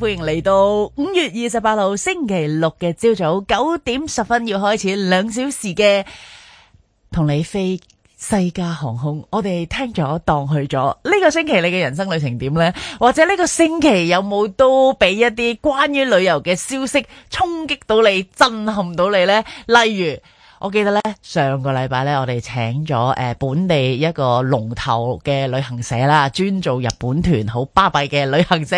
歡迎嚟到五月二十八號星期六嘅朝早九點十分要開始兩小時嘅同你飛世界航空。我哋聽咗蕩去咗呢個星期你嘅人生旅程點呢？或者呢個星期有冇都俾一啲關於旅遊嘅消息衝擊到你，震撼到你呢？例如。我記得咧上個禮拜咧，我哋請咗誒、呃、本地一個龍頭嘅旅行社啦，專做日本團好巴閉嘅旅行社，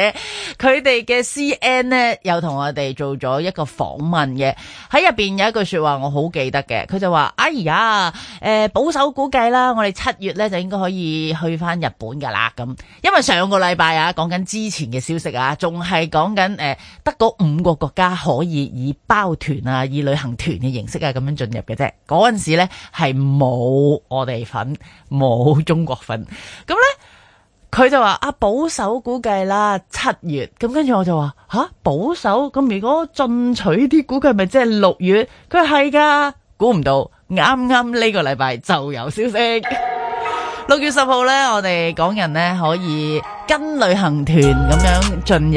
佢哋嘅 C N 咧又同我哋做咗一個訪問嘅，喺入邊有一句說話我好記得嘅，佢就話哎呀誒、呃、保守估計啦，我哋七月咧就應該可以去翻日本噶啦咁，因為上個禮拜啊講緊之前嘅消息啊，仲係講緊誒得嗰五個國家可以以包團啊，以旅行團嘅形式啊咁樣進入嘅。啫，嗰陣時咧，係冇我哋份，冇中國份，咁咧佢就話啊，保守估計啦，七月。咁跟住我就話吓，保守，咁如果進取啲估計係咪即係六月？佢係噶，估唔到，啱啱呢個禮拜就有消息。六月十號咧，我哋港人咧可以跟旅行團咁樣進入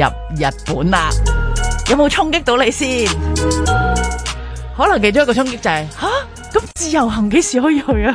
日本啦，有冇衝擊到你先？可能其中一個衝擊就係嚇，咁自由行幾時可以去啊？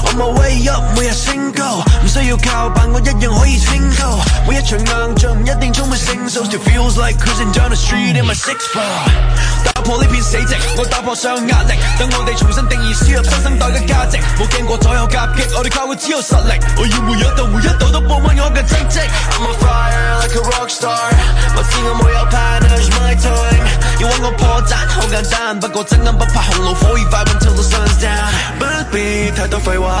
I'm a way up，每日升高，唔需要靠傍，我一樣可以清高。每一場硬仗唔一定充滿勝數，Still feels like cruising down the street in my sixth floor。打破呢片死寂，我打破上壓力，等我哋重新定義輸入新生代嘅價值，冇驚過所有夾擊，我哋靠嘅只有實力。我要每一度每一度都不溫雅嘅積極。I'm a fire like a rock star，冇知我冇有盼，It's my time，要揾我破綻好簡單，不過真金不怕紅爐火，一塊 until the suns down，不必太多廢話。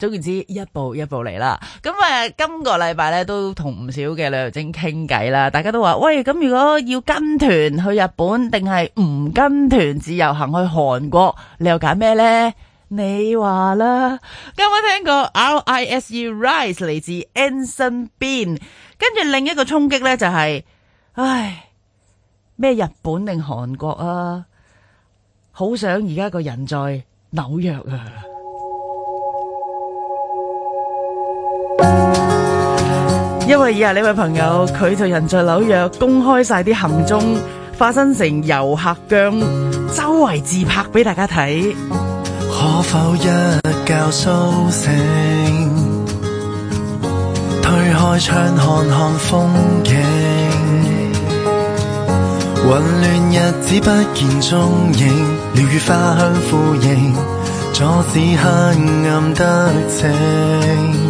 總之一步一步嚟啦，咁啊、呃，今個禮拜咧都同唔少嘅旅遊精傾偈啦，大家都話喂，咁如果要跟團去日本定係唔跟團自由行去韓國，你又揀咩咧？你話啦，有冇聽過 RISU Rise 嚟自 Anson Bean 跟住另一個衝擊咧就係、是，唉，咩日本定韓國啊？好想而家個人在紐約啊！因為以下呢位朋友，佢就人在紐約公開晒啲行蹤，化身成遊客，將周圍自拍畀大家睇。可否一覺甦醒？推開窗看看風景，混亂日子不見蹤影，鳥語花香呼應，阻止黑暗得逞。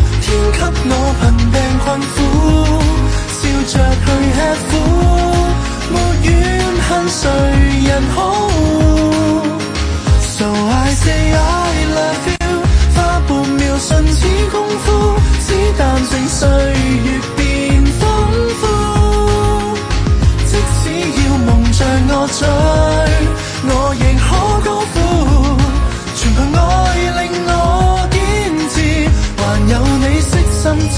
給我貧病困苦，笑着去吃苦，沒怨恨誰人好。So I say I love you，花半秒瞬似功夫，只淡靜歲月變豐富。即使要夢着我醉，我亦。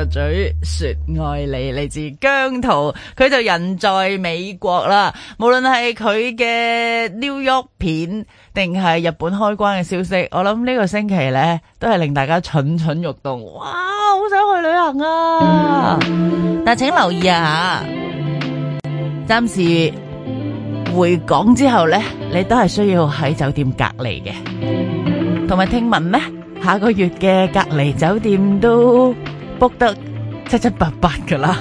個嘴說愛你，嚟自姜濤，佢就人在美國啦。無論係佢嘅 New York 片，定係日本開關嘅消息，我諗呢個星期咧，都係令大家蠢蠢欲動。哇，好想去旅行啊！但請留意啊，吓，暫時回港之後咧，你都係需要喺酒店隔離嘅。同埋聽聞咧，下個月嘅隔離酒店都 book 得七七八八嘅啦。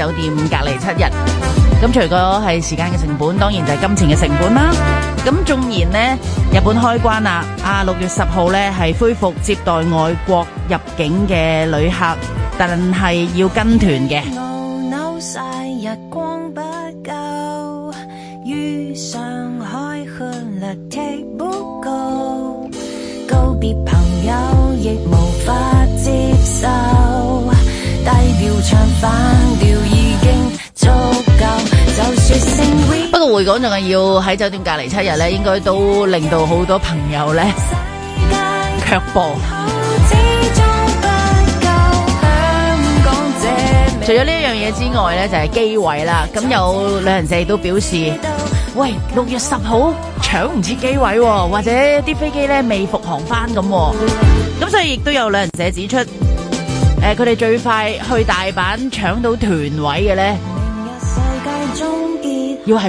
酒店隔離七日，咁除咗係時間嘅成本，當然就係金錢嘅成本啦。咁縱然咧，日本開關啦，啊六月十號咧係恢復接待外國入境嘅旅客，但係要跟團嘅。講仲係要喺酒店隔離七日咧，應該都令到好多朋友咧卻步。除咗呢一樣嘢之外咧，就係機位啦。咁有旅行社亦都表示，喂，六月十號搶唔切機位，或者啲飛機咧未復航翻咁。咁所以亦都有旅行社指出，誒、呃，佢哋最快去大阪搶到團位嘅咧，要係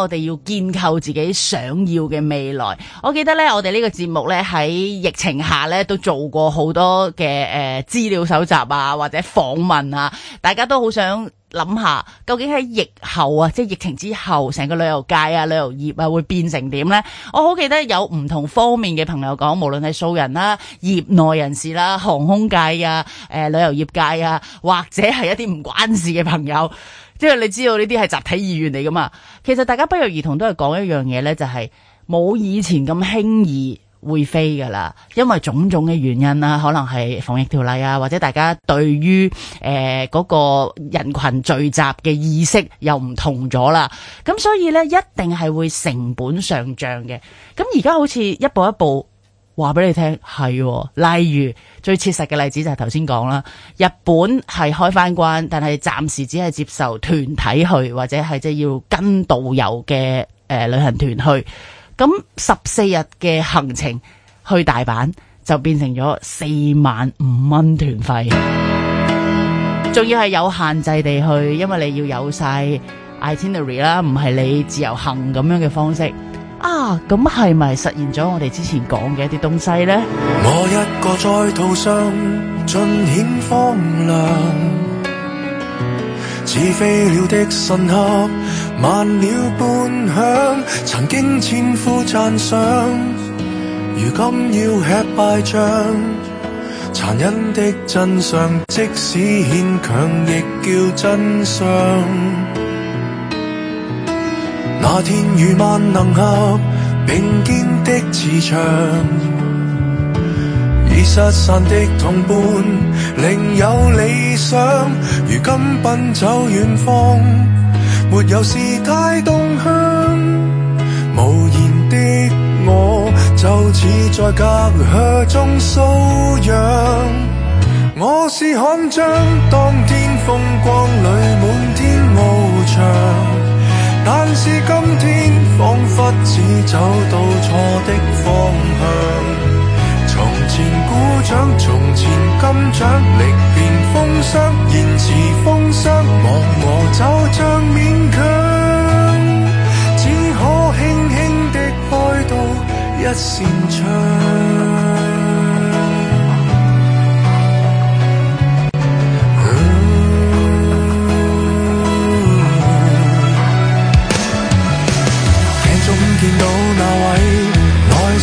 我哋要建構自己想要嘅未來。我記得呢，我哋呢個節目呢，喺疫情下呢，都做過好多嘅誒資料搜集啊，或者訪問啊，大家都好想諗下究竟喺疫後啊，即係疫情之後，成個旅遊界啊、旅遊業啊會變成點呢？我好記得有唔同方面嘅朋友講，無論係素人啦、啊、業內人士啦、啊、航空界啊、誒、呃、旅遊業界啊，或者係一啲唔關事嘅朋友。即係你知道呢啲係集體意願嚟㗎嘛？其實大家不約而同都係講一樣嘢呢就係、是、冇以前咁輕易會飛㗎啦，因為種種嘅原因啦、啊，可能係防疫條例啊，或者大家對於誒嗰、呃那個人群聚集嘅意識又唔同咗啦，咁所以呢，一定係會成本上漲嘅。咁而家好似一步一步。話俾你聽係，例如最切實嘅例子就係頭先講啦。日本係開返關，但係暫時只係接受團體去，或者係即係要跟導遊嘅、呃、旅行團去。咁十四日嘅行程去大阪就變成咗四萬五蚊團費，仲 要係有限制地去，因為你要有晒 itinerary 啦，唔係你自由行咁樣嘅方式。啊，咁係咪實現咗我哋之前講嘅一啲東西呢？我一個在途上盡顯荒涼似飛鳥的信盒慢了半晌，曾經千呼讚賞，如今要吃敗仗，殘忍的真相，即使牽強亦叫真相。那天與萬能俠並肩的磁場，已失散的同伴，另有理想。如今奔走遠方，沒有事太動向。無言的我，就似在隔靴中搔癢。我是誇將，當天風光裏滿天翱翔。但是今天仿佛只走到錯的方向，從前鼓掌，從前金獎，歷遍風霜，言辭風霜，望我就像勉強，只可輕輕的開到一線窗。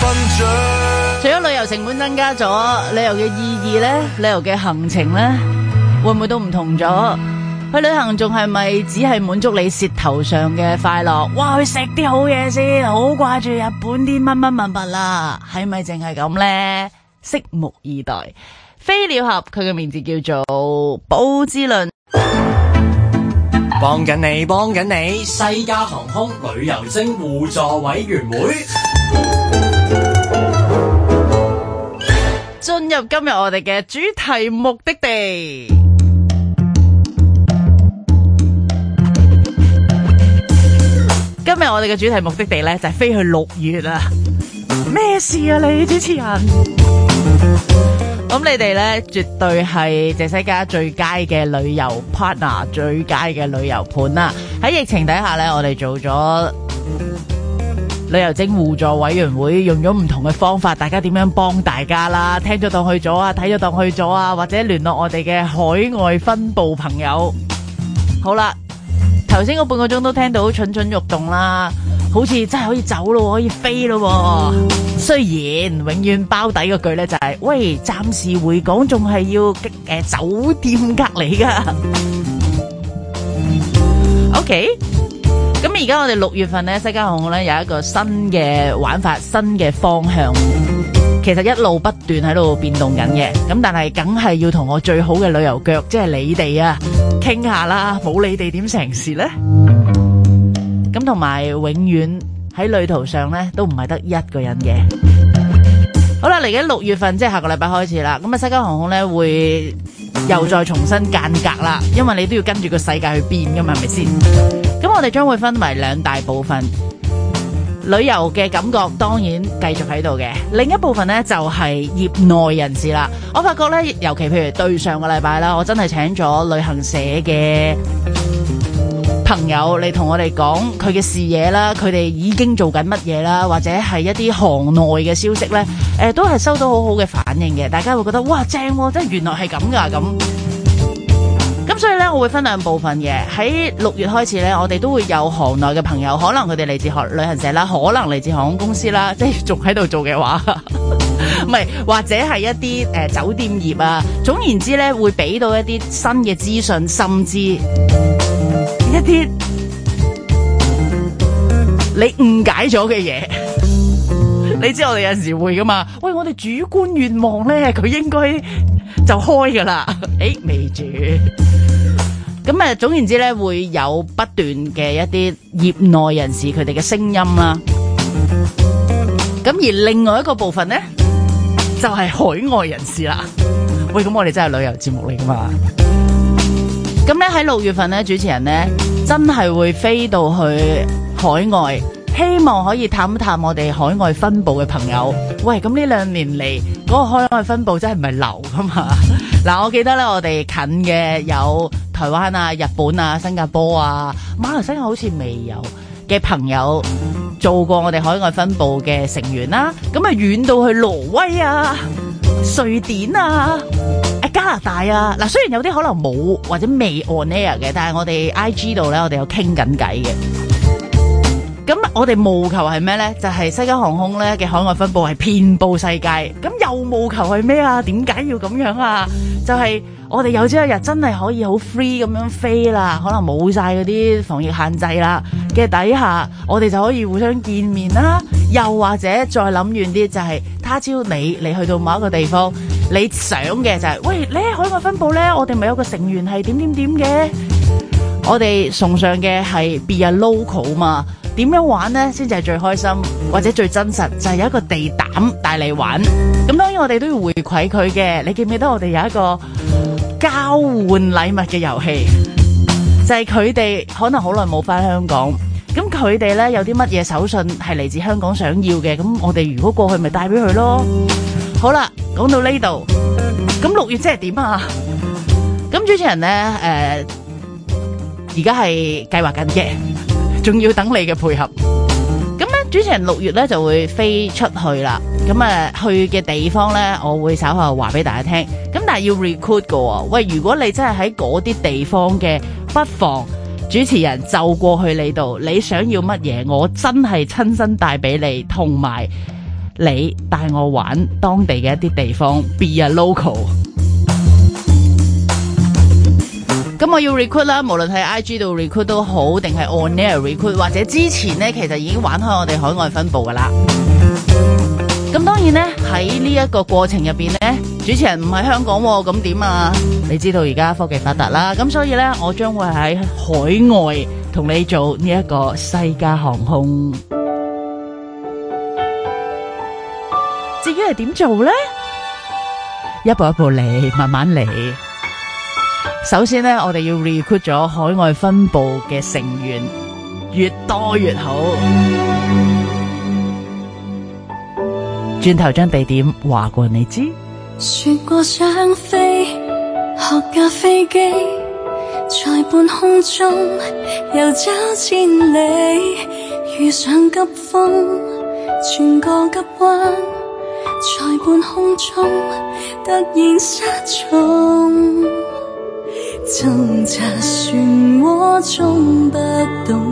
除咗旅遊成本增加咗，旅遊嘅意義呢？旅遊嘅行程呢？會唔會都唔同咗？去旅行仲係咪只係滿足你舌頭上嘅快樂？哇！去食啲好嘢先，好掛住日本啲乜乜物物啦，係咪淨係咁呢？拭目以待。飛鳥俠佢嘅名字叫做寶之倫，幫緊你，幫緊你，西加航空旅遊精互助委員會。進入今日我哋嘅主題目的地。今日我哋嘅主題目的地呢，就係飛去六月啦！咩事啊你主持人？咁你哋呢，絕對係全世界最佳嘅旅遊 partner，最佳嘅旅遊盤啦！喺疫情底下呢，我哋做咗。旅遊證互助委員會用咗唔同嘅方法，大家點樣幫大家啦？聽咗當去咗啊，睇咗當去咗啊，或者聯絡我哋嘅海外分部朋友。好啦，頭先個半個鐘都聽到蠢蠢欲動啦，好似真係可以走咯，可以飛咯。雖然永遠包底嗰句呢就係、是、喂，暫時回港仲係要誒、呃、酒店隔離噶。OK。而家我哋六月份咧，西加航空咧有一個新嘅玩法，新嘅方向，其實一路不斷喺度變動緊嘅。咁但係，梗係要同我最好嘅旅遊腳，即係你哋啊，傾下啦。冇你哋點成事呢。咁同埋永遠喺旅途上咧，都唔係得一個人嘅。好啦，嚟緊六月份，即係下個禮拜開始啦。咁啊，西加航空咧會又再重新間隔啦，因為你都要跟住個世界去變噶嘛，係咪先？咁我哋將會分為兩大部分，旅遊嘅感覺當然繼續喺度嘅，另一部分呢，就係、是、業內人士啦。我發覺呢，尤其譬如對上個禮拜啦，我真係請咗旅行社嘅朋友嚟同我哋講佢嘅視野啦，佢哋已經做緊乜嘢啦，或者係一啲行內嘅消息呢，誒、呃、都係收到好好嘅反應嘅，大家會覺得哇正喎、啊，即係原來係咁噶咁。所以咧，我會分兩部分嘅。喺六月開始咧，我哋都會有行內嘅朋友，可能佢哋嚟自學旅行社啦，可能嚟自航空公司啦，即係仲喺度做嘅話，唔係或者係一啲誒、呃、酒店業啊。總言之咧，會俾到一啲新嘅資訊，甚至一啲你誤解咗嘅嘢。你知我哋有陣時會噶嘛？喂，我哋主觀願望咧，佢應該就開噶啦。誒、欸，未住。咁啊，總言之咧，會有不斷嘅一啲業內人士佢哋嘅聲音啦。咁而另外一個部分咧，就係海外人士啦。喂，咁我哋真係旅遊節目嚟噶嘛？咁咧，喺六月份咧，主持人咧真係會飛到去海外，希望可以探一探我哋海外分部嘅朋友。喂，咁呢兩年嚟。嗰個海外分部真係唔係流㗎嘛？嗱，我記得咧，我哋近嘅有台灣啊、日本啊、新加坡啊、馬來西亞好似未有嘅朋友做過我哋海外分部嘅成員啦。咁啊，遠到去挪威啊、瑞典啊、誒加拿大啊。嗱，雖然有啲可能冇或者未 on air 嘅，但係我哋 IG 度咧，我哋有傾緊偈嘅。咁我哋務求係咩呢？就係西加航空咧嘅海外分布係遍布世界。咁又務求係咩啊？點解要咁樣啊？就係、是、我哋有朝一日真係可以好 free 咁樣飛啦，可能冇晒嗰啲防疫限制啦嘅底下，我哋就可以互相見面啦。又或者再諗遠啲，就係他朝你你去到某一個地方，你想嘅就係、是、喂，你喺海外分布呢？我哋咪有個成員係點點點嘅，我哋崇尚嘅係 be a local 嘛。點樣玩呢？先至係最開心或者最真實，就係、是、有一個地膽帶你玩。咁當然我哋都要回饋佢嘅。你記唔記得我哋有一個交換禮物嘅遊戲？就係佢哋可能好耐冇返香港，咁佢哋呢，有啲乜嘢手信係嚟自香港想要嘅，咁我哋如果過去咪帶俾佢咯。好啦，講到呢度，咁六月即係點啊？咁主持人呢，誒、呃，而家係計劃緊嘅。仲要等你嘅配合咁咧，主持人六月咧就會飛出去啦。咁啊，去嘅地方咧，我會稍後話俾大家聽。咁但係要 recruit 嘅喎，喂，如果你真係喺嗰啲地方嘅，不妨主持人就過去你度。你想要乜嘢？我真係親身帶俾你，同埋你帶我玩當地嘅一啲地方，be a local。咁我要 recruit 啦，無論喺 IG 度 recruit 都好，定係 on air recruit，或者之前咧，其實已經玩開我哋海外分佈噶啦。咁 當然咧，喺呢一個過程入邊咧，主持人唔喺香港，哦，咁點啊？你知道而家科技發達啦，咁所以咧，我將會喺海外同你做呢一個西加航空。至於係點做咧，一步一步嚟，慢慢嚟。首先呢，我哋要 recruit 咗海外分部嘅成員，越多越好。轉頭將地點話過你知。說過想飛，學架飛機，在半空中遊走千里，遇上急風，轉個急彎，在半空中突然失蹤。掙扎漩渦中，不動。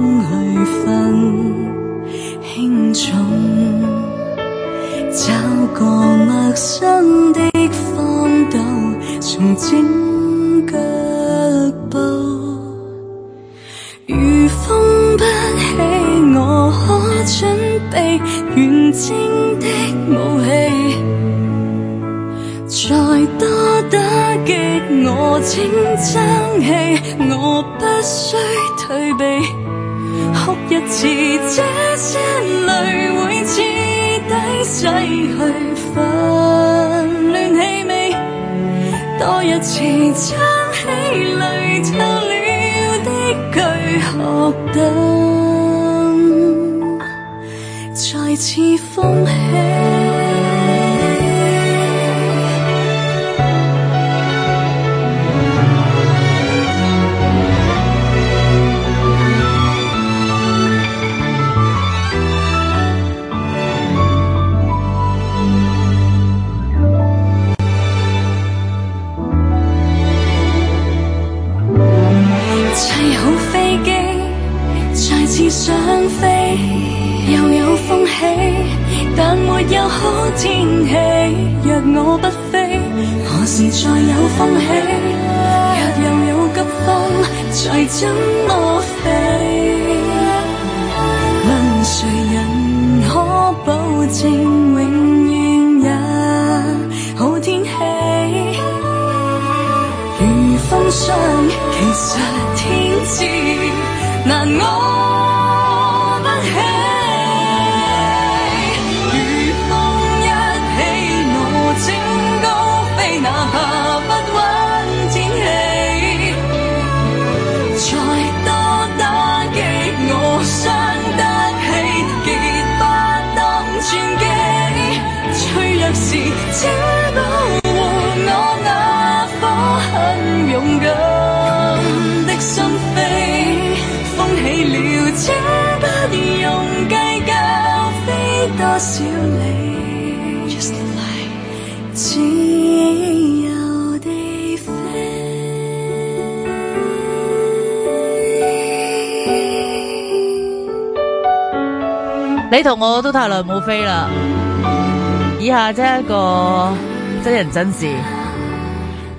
真人真事，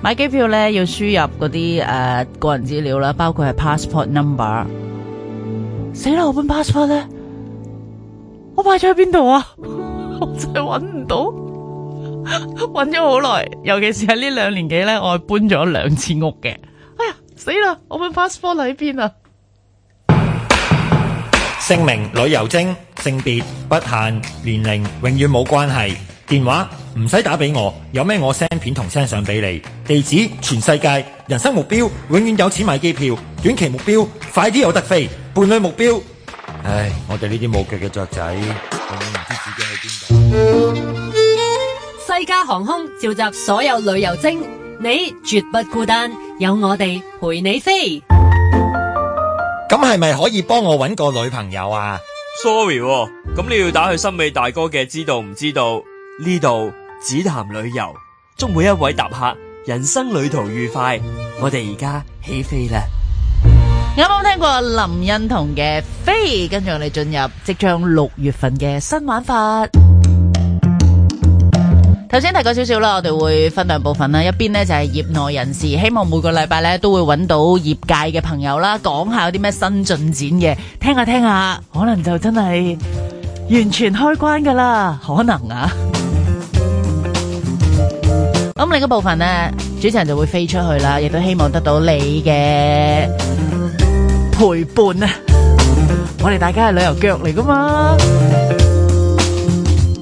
買機票咧要輸入嗰啲誒個人資料啦，包括係 passport number。死啦！我本 passport 咧，我擺咗喺邊度啊？我真係搵唔到，搵咗好耐。尤其是喺呢兩年幾咧，我係搬咗兩次屋嘅。哎呀，死啦！我本 passport 喺邊啊？姓名、旅遊證、性別不限、年齡永遠冇關係。電話。唔使打俾我，有咩我 send 片同 send 相俾你。地址全世界，人生目標永遠有錢買機票，短期目標快啲有得飛，伴侶目標。唉，我哋呢啲冇腳嘅雀仔，我唔知自己喺邊度。西加航空召集所有旅遊精，你絕不孤單，有我哋陪你飛。咁係咪可以幫我搵個女朋友啊？Sorry，喎，咁你要打去森美大哥嘅，知道唔知道呢度？只談旅遊，祝每一位搭客人生旅途愉快。我哋而家起飛啦！有冇聽過林欣彤嘅《飛》？跟住我哋進入即將六月份嘅新玩法。頭先 提過少少啦，我哋會分兩部分啦，一邊呢，就係業內人士，希望每個禮拜都會揾到業界嘅朋友啦，講下有啲咩新進展嘅，聽下聽下，可能就真係完全開關噶啦，可能啊！咁另一個部分咧，主持人就會飛出去啦，亦都希望得到你嘅陪伴啊！ 我哋大家係旅遊腳嚟噶嘛，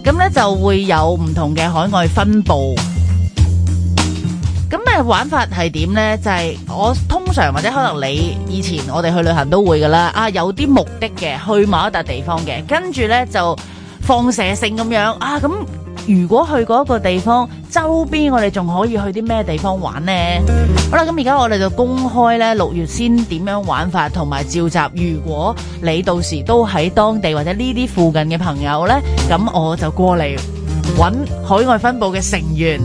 咁咧 就會有唔同嘅海外分佈。咁咪玩法係點咧？就係、是、我通常或者可能你以前我哋去旅行都會噶啦啊，有啲目的嘅去某一笪地方嘅，跟住咧就放射性咁樣啊咁。如果去嗰一個地方，周邊我哋仲可以去啲咩地方玩呢？好啦，咁而家我哋就公開咧六月先點樣玩法，同埋召集。如果你到時都喺當地或者呢啲附近嘅朋友呢，咁我就過嚟揾海外分部嘅成員，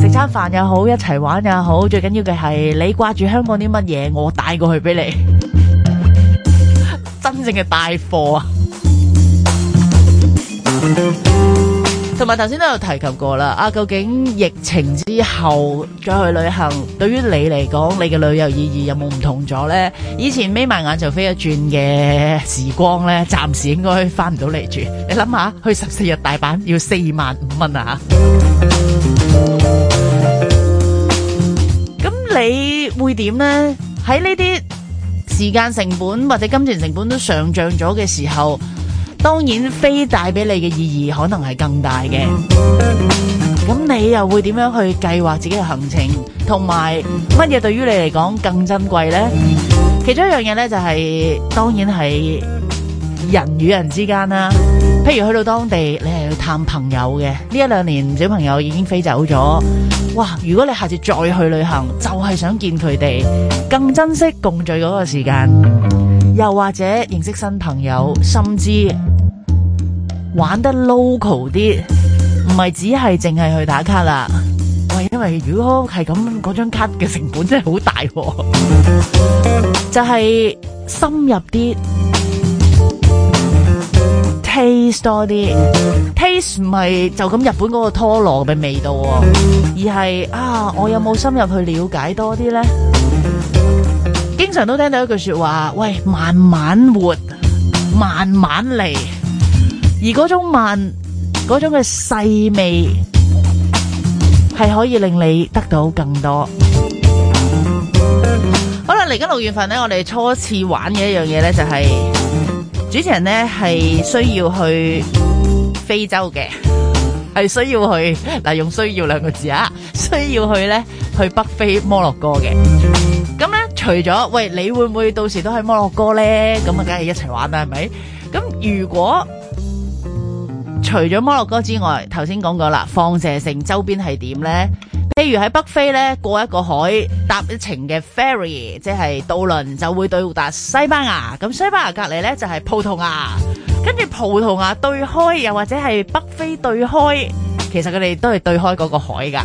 食餐飯又好，一齊玩又好，最緊要嘅係你掛住香港啲乜嘢，我帶過去俾你，真正嘅帶貨啊！同埋頭先都有提及過啦，啊，究竟疫情之後再去旅行，對於你嚟講，你嘅旅遊意義有冇唔同咗呢？以前眯埋眼就飛一轉嘅時光呢，暫時應該翻唔到嚟住。你諗下，去十四日大阪要四萬五蚊啊！咁你會點呢？喺呢啲時間成本或者金錢成本都上漲咗嘅時候。當然，飛帶俾你嘅意義可能係更大嘅。咁你又會點樣去計劃自己嘅行程？同埋乜嘢對於你嚟講更珍貴呢？其中一樣嘢咧就係當然係人與人之間啦。譬如去到當地，你係去探朋友嘅。呢一兩年小朋友已經飛走咗。哇！如果你下次再去旅行，就係想見佢哋，更珍惜共聚嗰個時間。又或者認識新朋友，甚至……玩得 local 啲，唔係只係淨係去打卡啦。喂，因為如果係咁，嗰張卡嘅成本真係好大。哦，就係、是、深入啲 ，taste 多啲。taste 唔係就咁日本嗰個拖羅嘅味道，哦，而係啊，我有冇深入去了解多啲咧？經常都聽到一句說話，喂，慢慢活，慢慢嚟。而嗰種慢，嗰種嘅細味，係可以令你得到更多。好啦，嚟緊六月份咧，我哋初次玩嘅一樣嘢咧就係主持人咧係需要去非洲嘅，係需要去嗱用需要兩個字啊，需要去咧去北非摩洛哥嘅。咁咧除咗喂，你會唔會到時都喺摩洛哥咧？咁啊，梗係一齊玩啦，係咪？咁如果。除咗摩洛哥之外，頭先講過啦，放射性周邊係點呢？譬如喺北非呢，過一個海搭一程嘅 ferry，即係渡輪，就會到達西班牙。咁西班牙隔籬呢，就係葡萄牙，跟住葡萄牙對開，又或者係北非對開，其實佢哋都係對開嗰個海㗎。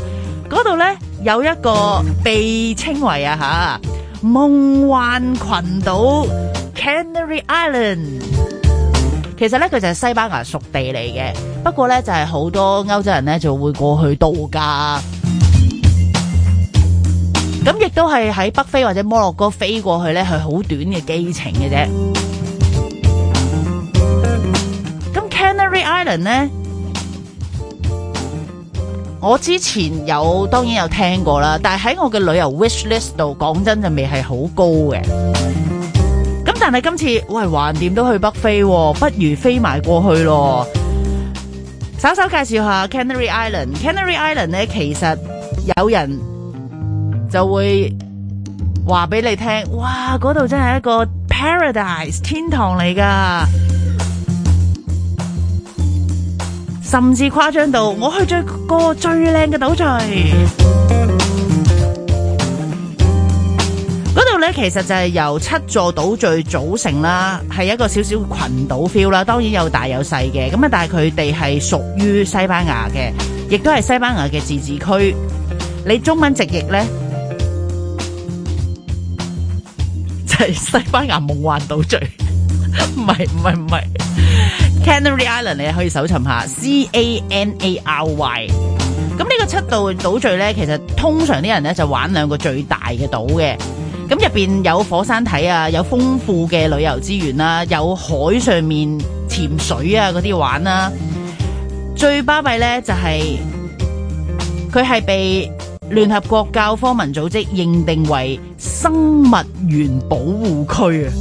嗰度呢，有一個被稱為啊吓夢幻群島 （Canary Island）。其實咧，佢就係西班牙屬地嚟嘅。不過咧，就係好多歐洲人咧就會過去度假。咁亦都係喺北非或者摩洛哥飛過去咧，係好短嘅機程嘅啫。咁 Canary Island 咧，我之前有當然有聽過啦，但係喺我嘅旅遊 wish list 度，講真就未係好高嘅。但係今次喂，橫掂都去北非、哦，不如飛埋過去咯。稍稍介紹下 Canary Island，Canary Island 咧，其實有人就會話俾你聽，哇，嗰度真係一個 paradise 天堂嚟噶，甚至誇張到我去過最個最靚嘅島嶼。咧，其實就係由七座島嶼組成啦，係一個少少群島 feel 啦。當然有大有細嘅，咁啊，但係佢哋係屬於西班牙嘅，亦都係西班牙嘅自治區。你中文直譯呢，就係、是、西班牙夢幻島嶼。唔 係唔係唔係，Canary Island 你可以搜尋下 C A N A R Y。咁呢個七度島嶼呢，其實通常啲人呢就玩兩個最大嘅島嘅。咁入邊有火山體啊，有豐富嘅旅遊資源啦、啊，有海上面潛水啊嗰啲玩啦、啊。最巴閉呢，就係佢係被聯合國教科文組織認定為生物源保護區啊！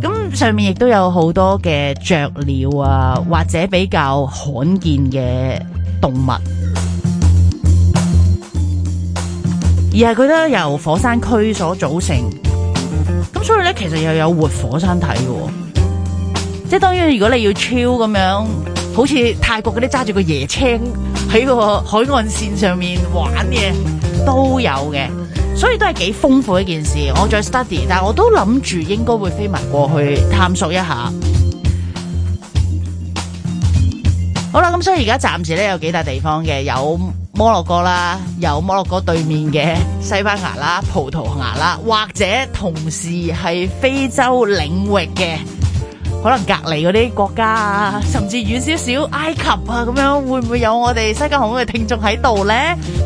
咁上面亦都有好多嘅雀鳥啊，或者比較罕見嘅動物。而係佢咧由火山區所組成，咁所以咧其實又有活火山睇嘅，即係當然如果你要超咁樣，好似泰國嗰啲揸住個椰青喺個海岸線上面玩嘅都有嘅，所以都係幾豐富嘅一件事。我再 study，但係我都諗住應該會飛埋過去探索一下。好啦，咁所以而家暫時咧有幾笪地方嘅有。摩洛哥啦，有摩洛哥對面嘅西班牙啦、葡萄牙啦，或者同時係非洲領域嘅，可能隔離嗰啲國家啊，甚至遠少少埃及啊咁樣，會唔會有我哋西加航嘅聽眾喺度呢？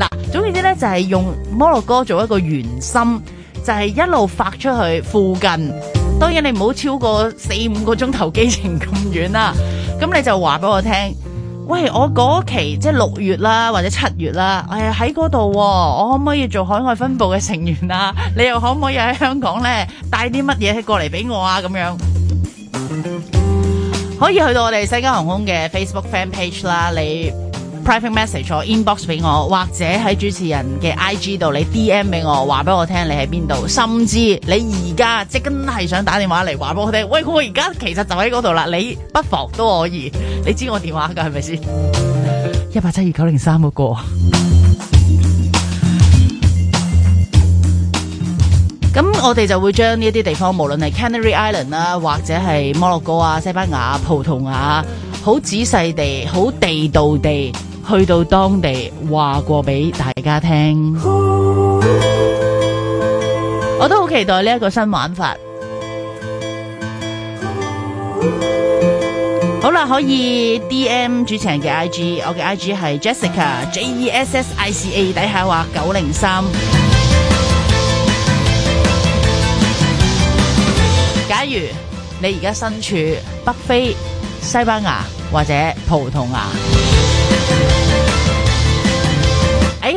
嗱，總之呢，就係、是、用摩洛哥做一個圓心，就係、是、一路發出去附近，當然你唔好超過四五個鐘頭機程咁遠啦。咁你就話俾我聽。喂，我嗰期即係六月啦，或者七月啦，哎呀，喺嗰度喎，我可唔可以做海外分部嘅成員啊？你又可唔可以喺香港咧帶啲乜嘢過嚟俾我啊？咁樣可以去到我哋西加航空嘅 Facebook Fan Page 啦，你。Private Message or Inbox 俾我，或者喺主持人嘅 I G 度你 D M 俾我，話俾我聽你喺邊度，甚至你而家即係想打電話嚟話俾我聽，喂，我而家其實就喺嗰度啦。你不妨都可以，你知我電話噶係咪先？一八七二九零三嗰個。咁我哋就會將呢一啲地方，無論係 Canary Island 啦，或者係摩洛哥啊、西班牙啊、葡萄牙，好仔細地、好地道地。去到當地話過俾大家聽， 我都好期待呢一個新玩法。 好啦，可以 D M 主持人嘅 I G，我嘅 I G 係 Jessica J E S S I C A，底下話九零三。 假如你而家身處北非、西班牙或者葡萄牙。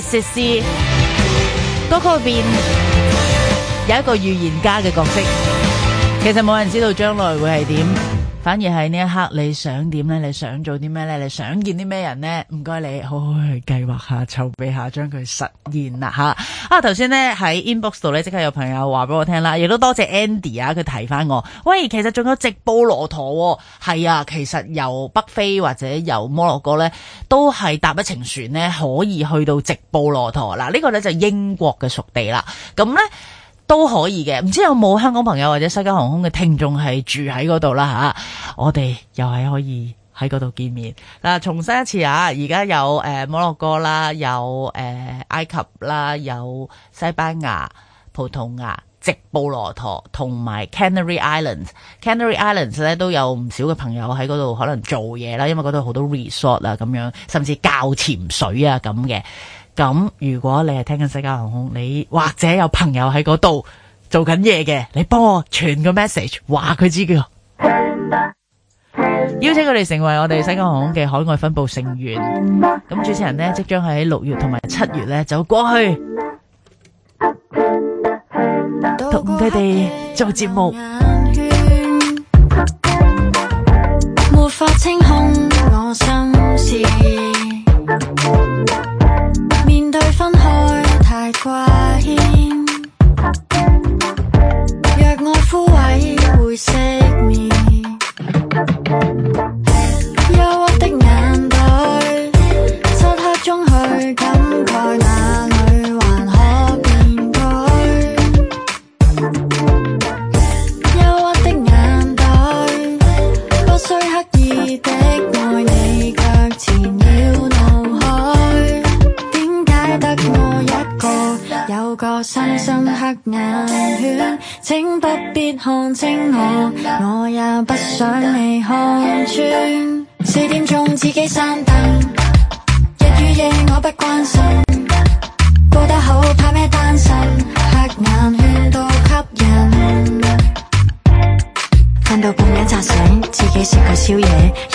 石獅嗰個入邊有一個預言家嘅角色，其實冇人知道將來會係點。反而喺呢一刻，你想點呢？你想做啲咩呢？你想見啲咩人呢？唔該，你好好去計劃下、籌備下，將佢實現啦吓！啊，頭先呢，喺 inbox 度呢，即刻有朋友話俾我聽啦，亦都多謝 Andy 啊，佢提翻我。喂，其實仲有直布羅陀喎，係啊，其實由北非或者由摩洛哥呢，都係搭一程船呢，可以去到直布羅陀。嗱，呢個呢，就英國嘅屬地啦。咁呢。都可以嘅，唔知有冇香港朋友或者西加航空嘅聽眾係住喺嗰度啦吓，我哋又係可以喺嗰度見面。嗱、啊，重申一次啊，而家有誒、呃、摩洛哥啦，有誒、呃、埃及啦，有西班牙、葡萄牙、直布羅陀同埋 Canary Islands。Canary Islands 咧，都有唔少嘅朋友喺嗰度可能做嘢啦，因為嗰度好多 resort 啊咁樣，甚至教潛水啊咁嘅。咁如果你係聽緊西加航空，你或者有朋友喺嗰度做緊嘢嘅，你幫我傳個 message，話佢知叫邀請佢哋成為我哋西加航空嘅海外分部成員。咁主持人呢，即將喺六月同埋七月呢就過去同佢哋做節目。沒法清空我心事。嗯面對分開太掛牽，若我枯萎會熄滅。我深深黑眼圈，請不必看清我，我也不想你看穿。四點鐘自己閂燈，日與夜我不關心，過得好怕咩單身，黑眼圈都吸引。瞓到半夜扎醒，自己食個宵夜。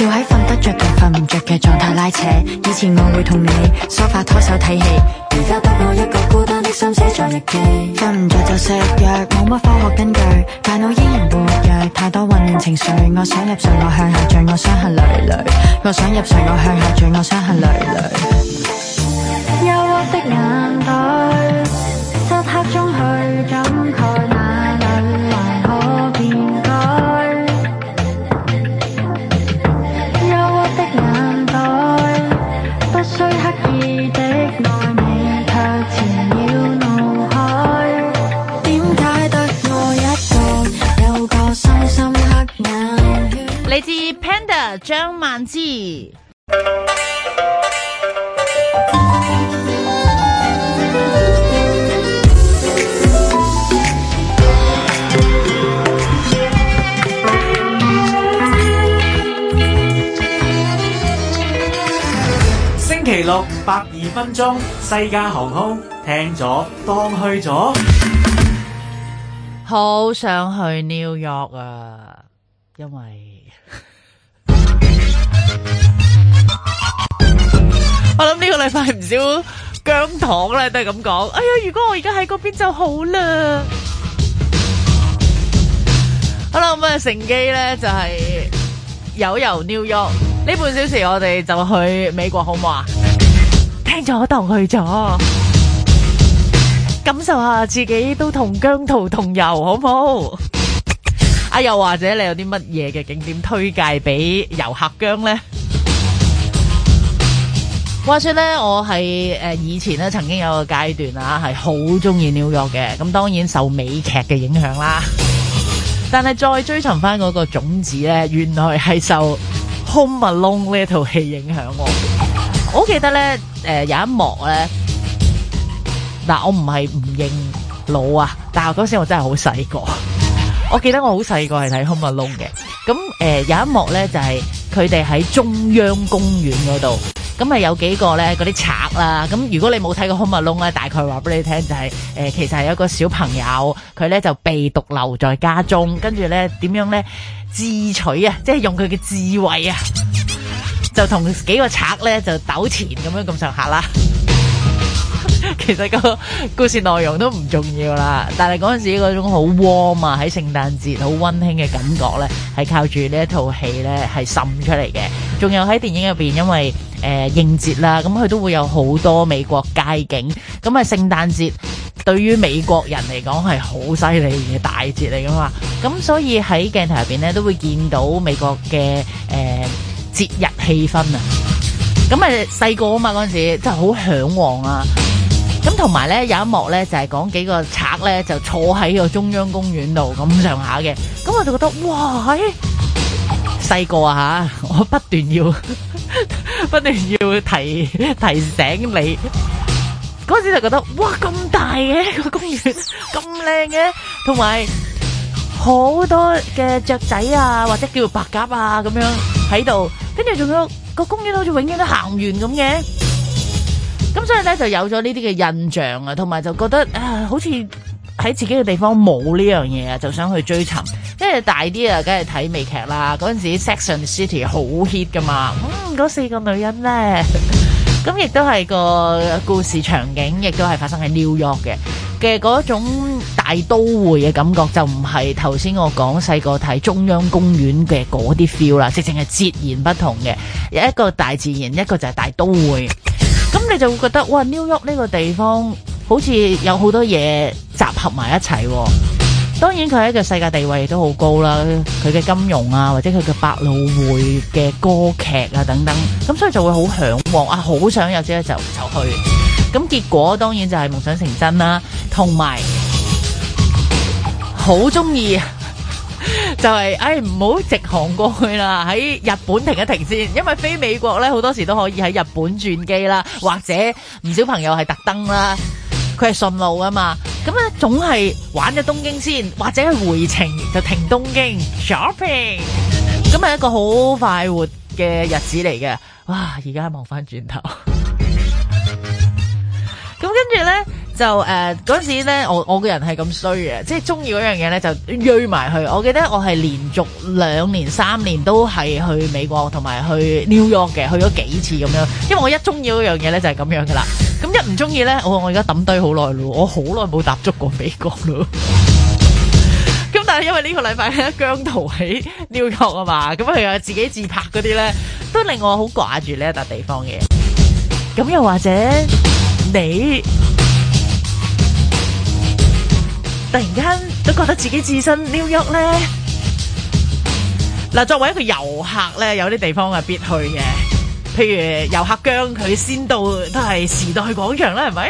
嘅狀態拉扯，以前我會同你梳化、拖手睇戲，而家得我一個孤單的心寫在日記。瞓唔着就食藥，冇乜科學根據，大腦依然活躍，太多混亂情緒。我想入睡，我向下墜，最我傷痕累累。我想入睡，我向下墜，最我傷痕累累。憂鬱的眼袋。張曼芝，星期六八二分鐘，西加航空聽咗當去咗，好想去紐約啊，因為。我諗呢個禮拜唔少姜糖咧，都係咁講。哎呀，如果我而家喺嗰邊就好啦。好啦，咁啊，乘機咧就係遊遊 New York，呢半小時，我哋就去美國好唔好啊？聽咗都去咗，感受下自己都同姜濤同遊好唔好？啊，又或者你有啲乜嘢嘅景點推介俾遊客姜咧？話說咧，我係誒以前咧曾經有個階段啊，係好中意紐約嘅，咁當然受美劇嘅影響啦。但係再追尋翻嗰個種子咧，原來係受《Home Alone》呢套戲影響。我好記得咧，誒有一幕咧，嗱我唔係唔認老啊，但係嗰時我真係好細個。我記得我好細個係睇《Home Alone》嘅，咁誒有一幕咧就係佢哋喺中央公園嗰度。咁咪有幾個咧，嗰啲賊啦，咁、啊、如果你冇睇過《空物窿 Home Alone》咧，大概話俾你聽就係、是，誒、呃，其實係有個小朋友，佢咧就被毒留在家中，跟住咧點樣咧智取啊，即係用佢嘅智慧啊，就同幾個賊咧就鬥錢咁樣咁上下啦。 其實個故事內容都唔重要啦，但係嗰陣時嗰種好 warm 啊，喺聖誕節好温馨嘅感覺呢，係靠住呢一套戲呢，係滲出嚟嘅。仲有喺電影入邊，因為誒、呃、應節啦，咁佢都會有好多美國街景。咁啊，聖誕節對於美國人嚟講係好犀利嘅大節嚟噶嘛，咁所以喺鏡頭入邊呢，都會見到美國嘅誒節日氣氛啊。咁啊，細個啊嘛，嗰陣時就好向往啊。咁同埋咧，有一幕咧就係講幾個賊咧就坐喺個中央公園度咁上下嘅。咁我就覺得哇，係細個啊吓！我不斷要不斷要提提醒你，嗰陣時就覺得哇，咁大嘅個公園，咁靚嘅，同埋好多嘅雀仔啊，或者叫做白鴿啊咁樣喺度，跟住仲有。個公園好似永遠都行唔完咁嘅，咁所以咧就有咗呢啲嘅印象啊，同埋就覺得啊，呃，好似喺自己嘅地方冇呢樣嘢啊，就想去追尋。跟住大啲啊，梗係睇美劇啦。嗰陣時 Sex and City 好 hit 噶嘛，嗯，嗰四個女人咧，咁亦都係個故事場景，亦都係發生喺 New York 嘅。嘅嗰種大都會嘅感覺就唔係頭先我講細個睇中央公園嘅嗰啲 feel 啦，直情係截然不同嘅。一個大自然，一個就係大都會。咁你就會覺得哇，New York 呢個地方好似有好多嘢集合埋一齊。當然佢係一個世界地位都好高啦，佢嘅金融啊，或者佢嘅百老匯嘅歌劇啊等等，咁所以就會好嚮往啊，好想有朝一日就就去。咁結果當然就係夢想成真啦，同埋好中意就係，唉唔好直航過去啦，喺日本停一停先，因為飛美國咧好多時都可以喺日本轉機啦，或者唔少朋友係特登啦，佢係順路啊嘛，咁咧總係玩咗東京先，或者係回程就停東京 shopping，咁係一個好快活嘅日子嚟嘅，哇！而家望翻轉頭。跟住咧就誒嗰、呃、時咧我我個人係咁衰嘅，即係中意嗰樣嘢咧就追埋去。我記得我係連續兩年，三年都係去美國同埋去 New York 嘅，去咗幾次咁樣。因為我一中意嗰樣嘢咧就係、是，咁樣噶啦。咁一唔中意咧，我我而家抌低好耐咯，我好耐冇踏足過美國咯。咁 但係因為呢個禮拜咧姜濤喺 New York 啊嘛，咁佢又自己自拍嗰啲咧，都令我好掛住呢一笪地方嘅。咁又或者，你突然間都覺得自己置身 New York 咧？嗱，作為一個遊客咧，有啲地方係必去嘅，譬如遊客姜佢先到都係時代廣場啦，係咪？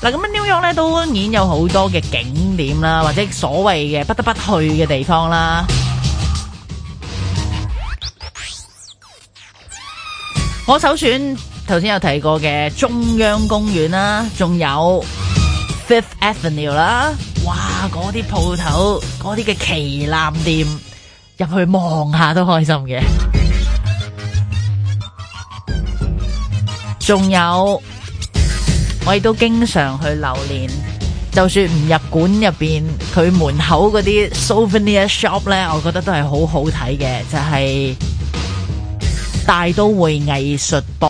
嗱，咁樣 New York 咧，當然有好多嘅景點啦，或者所謂嘅不得不去嘅地方啦。我首選。頭先有提過嘅中央公園啦，仲有 Fifth Avenue 啦，哇，嗰啲鋪頭，嗰啲嘅旗艦店入去望下都開心嘅。仲有我亦都經常去流連，就算唔入館入邊，佢門口嗰啲 Souvenir Shop 咧，我覺得都係好好睇嘅，就係大都會藝術博。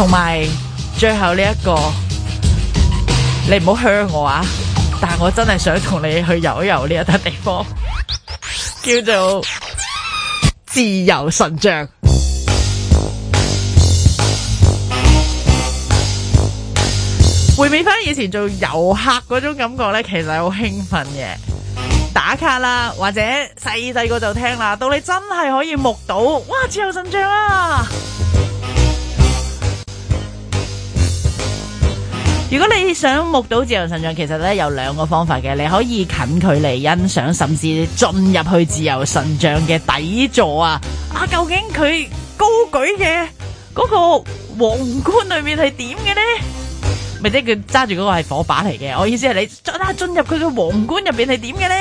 同埋最後呢、這、一個，你唔好嚇我啊！但係我真係想同你去遊一遊呢一笪地方，叫做自由神像。回味翻以前做遊客嗰種感覺呢，其實係好興奮嘅，打卡啦，或者細細個就聽啦，到你真係可以目睹：「哇！自由神像啊！如果你想目睹自由神像，其實咧有兩個方法嘅，你可以近距離欣賞，甚至進入去自由神像嘅底座啊！啊，究竟佢高舉嘅嗰個皇冠裏面係點嘅咧？咪即佢揸住嗰個係火把嚟嘅？我意思係你進啊進入佢嘅皇冠入邊係點嘅咧？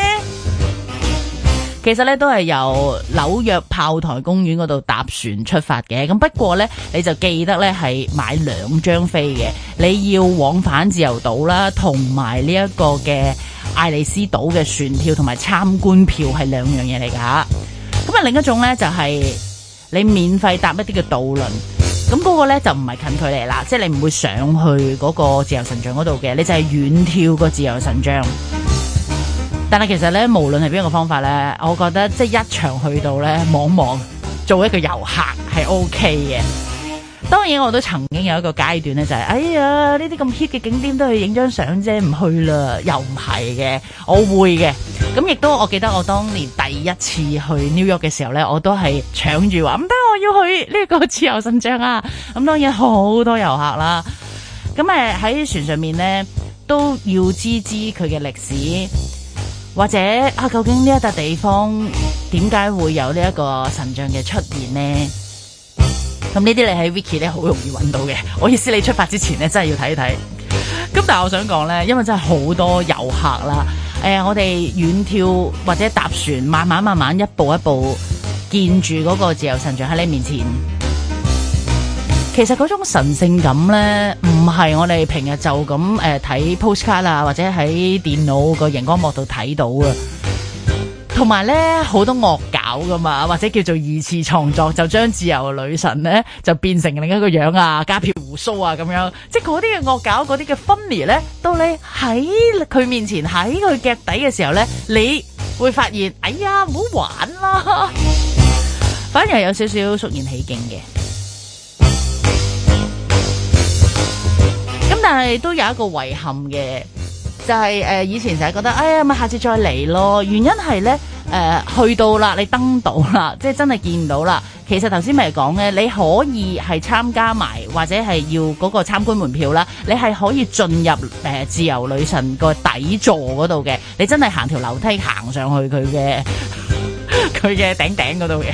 其實咧都係由紐約炮臺公園嗰度搭船出發嘅，咁不過呢你就記得呢係買兩張飛嘅，你要往返自由島啦，同埋呢一個嘅艾利斯島嘅船票同埋參觀票係兩樣嘢嚟噶，咁啊另一種呢，就係、是、你免費搭一啲嘅渡輪，咁、那、嗰個呢，就唔係近距離啦，即係你唔會上去嗰個自由神像嗰度嘅，你就係遠眺個自由神像。但係其實咧，無論係邊個方法咧，我覺得即係一場去到咧，往往做一個遊客係 O K 嘅。當然我都曾經有一個階段咧，就係哎呀，呢啲咁 hit 嘅景點都去影張相啫，唔去啦，又唔係嘅，我會嘅。咁亦都，我記得我當年第一次去 New York 嘅時候咧，我都係搶住話唔得，我要去呢個自由神像啊！咁當然好多遊客啦。咁誒喺船上面咧，都要知知佢嘅歷史。或者啊，究竟呢一笪地方點解會有呢一個神像嘅出現呢？咁呢啲你喺 Wiki 咧好容易揾到嘅。我意思你出發之前咧，真係要睇一睇。咁但係我想講咧，因為真係好多遊客啦。誒、呃，我哋遠眺或者搭船，慢慢慢慢一步一步見住嗰個自由神像喺你面前。其實嗰種神聖感咧，唔係我哋平日就咁誒睇、呃、postcard 啊，或者喺電腦個熒光幕度睇到啊。同埋咧，好多惡搞噶嘛，或者叫做二次創作，就將自由女神咧就變成另一個樣啊，加片鬍鬚啊，咁樣。即係嗰啲嘅惡搞，嗰啲嘅分裂咧，到你喺佢面前，喺佢腳底嘅時候咧，你會發現，哎呀，唔好玩啦， 反而係有少少肅然起敬嘅。但係都有一個遺憾嘅，就係、是、誒、呃、以前成日覺得，哎呀咪下次再嚟咯。原因係咧，誒、呃、去到啦，你登到啦，即係真係見唔到啦。其實頭先咪講咧，你可以係參加埋或者係要嗰個參觀門票啦，你係可以進入誒、呃、自由女神個底座嗰度嘅。你真係行條樓梯行上去佢嘅佢嘅頂頂嗰度嘅。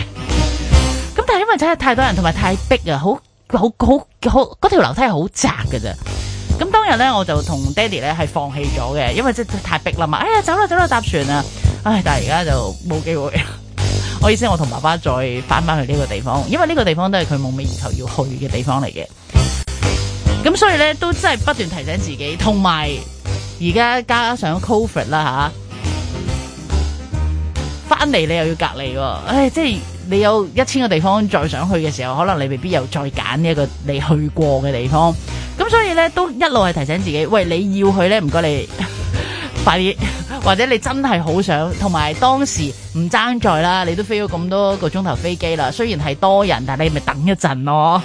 咁 但係因為真係太多人，同埋太逼啊，好好好好，嗰條樓梯係好窄噶咋。咁當日咧，我就同爹哋咧係放棄咗嘅，因為即係太逼啦嘛。哎呀，走啦走啦，搭船啊！唉，但係而家就冇機會。 我意思，我同爸爸再翻返去呢個地方，因為呢個地方都係佢夢寐以求要去嘅地方嚟嘅。咁所以咧，都真係不斷提醒自己，同埋而家加上 COVID 啦吓，翻、啊、嚟你又要隔離喎、啊。唉，即係你有一千個地方再想去嘅時候，可能你未必又再揀呢一個你去過嘅地方。咁所以咧，都一路係提醒自己，喂，你要去咧，唔該你快啲，或者你真係好想，同埋當時唔爭在啦，你都飛咗咁多個鐘頭飛機啦，雖然係多人，但係你咪等一陣咯、啊。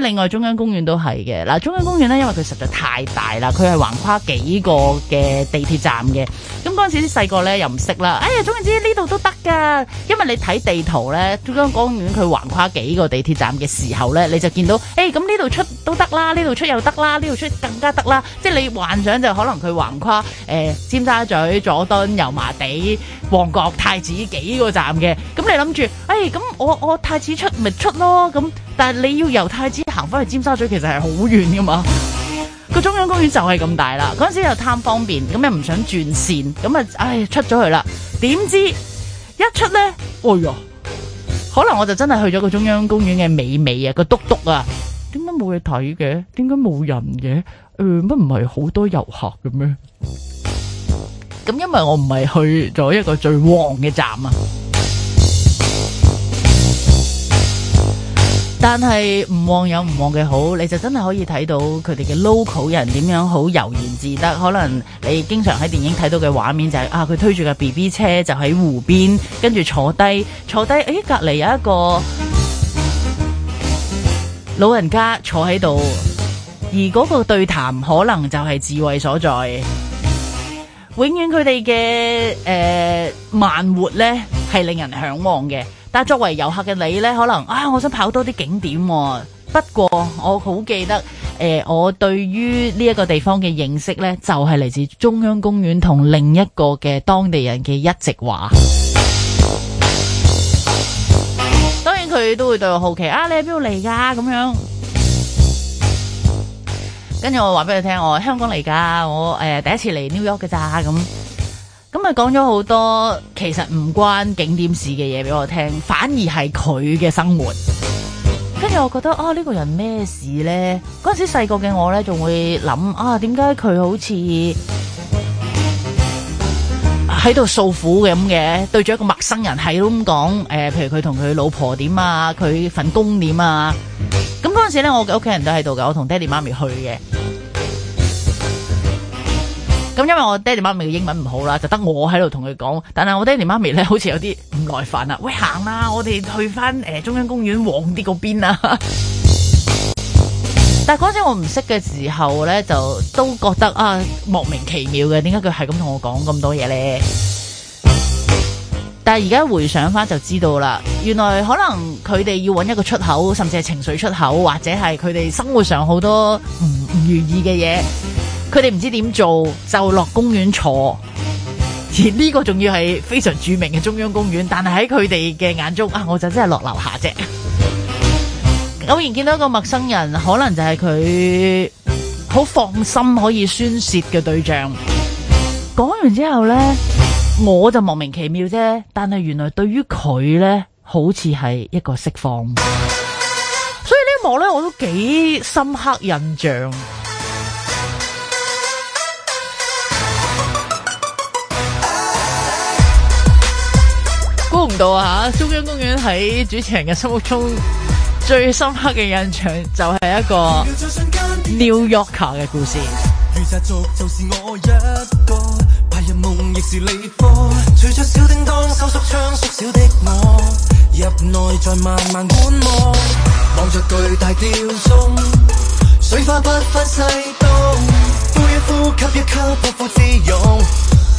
另外中央公園都係嘅嗱，中央公園咧，因為佢實在太大啦，佢係橫跨幾個嘅地鐵站嘅。咁嗰陣時啲細個咧又唔識啦，哎呀，總之呢度都得噶，因為你睇地圖呢，中央公園佢橫跨幾個地鐵站嘅時，時候呢、哎，你就見到，誒、哎，咁呢度出都得啦，呢度出又得啦，呢度出更加得啦，即係你幻想就可能佢橫跨誒、呃，尖沙咀、佐敦、油麻地、旺角、太子幾個站嘅，咁你諗住，誒、哎，咁我我太子出咪出咯，咁。但係你要由太子行翻去尖沙咀，其實係好遠噶嘛？個中央公園就係咁大啦。嗰陣時又貪方便，咁又唔想轉線，咁啊，唉，出咗去啦。點知一出咧，哎呀，可能我就真係去咗個中央公園嘅尾尾啊，個督篤啊，點解冇嘢睇嘅？點解冇人嘅？誒、呃，乜唔係好多遊客嘅咩？咁因為我唔係去咗一個最旺嘅站啊。但係唔旺有唔旺嘅好，你就真係可以睇到佢哋嘅 local 人點樣好悠然自得。可能你經常喺電影睇到嘅畫面就係、是、啊，佢推住架 BB 車就喺湖邊，跟住坐低坐低，誒、哎，隔籬有一個老人家坐喺度，而嗰個對談可能就係智慧所在。永遠佢哋嘅誒慢活呢，係令人向往嘅。但作為遊客嘅你呢，可能啊、哎，我想跑多啲景點、哦。不過我好記得，誒、呃，我對於呢一個地方嘅認識呢，就係、是、嚟自中央公園同另一個嘅當地人嘅一席話。 當然佢都會對我好奇啊，你喺邊度嚟㗎？咁樣。跟住我話俾你聽，我香港嚟㗎，我誒、呃、第一次嚟 New York 咋咁。咁咪講咗好多其實唔關景點事嘅嘢俾我聽，反而係佢嘅生活。跟住我覺得啊，呢個人咩事咧？嗰陣時細個嘅我咧，仲會諗啊，點解佢好似喺度訴苦咁嘅？對住一個陌生人係咁講。誒、呃，譬如佢同佢老婆點啊，佢份工點啊？咁嗰陣時咧，我嘅屋企人都喺度㗎。我同爹哋媽咪去嘅。咁因為我爹哋媽咪嘅英文唔好啦，就得我喺度同佢講。但係我爹哋媽咪咧，好似有啲唔耐煩啦。喂，行啦，我哋去翻誒中央公園黃啲嗰邊啦。那邊啊， 但係嗰陣我唔識嘅時候咧，就都覺得啊莫名其妙嘅，點解佢係咁同我講咁多嘢咧？ 但係而家回想翻就知道啦，原來可能佢哋要揾一個出口，甚至係情緒出口，或者係佢哋生活上好多唔唔願意嘅嘢。佢哋唔知點做，就落公園坐，而呢個仲要係非常著名嘅中央公園。但係喺佢哋嘅眼中，啊，我就真係落樓下啫。偶 然見到一個陌生人，可能就係佢好放心可以宣洩嘅對象。講完之後呢，我就莫名其妙啫。但係原來對於佢呢，好似係一個釋放。所以呢幕呢，我都幾深刻印象。估唔到啊！中央公園喺主持人嘅心目中最深刻嘅印象就係一個 New Yorker 嘅故事。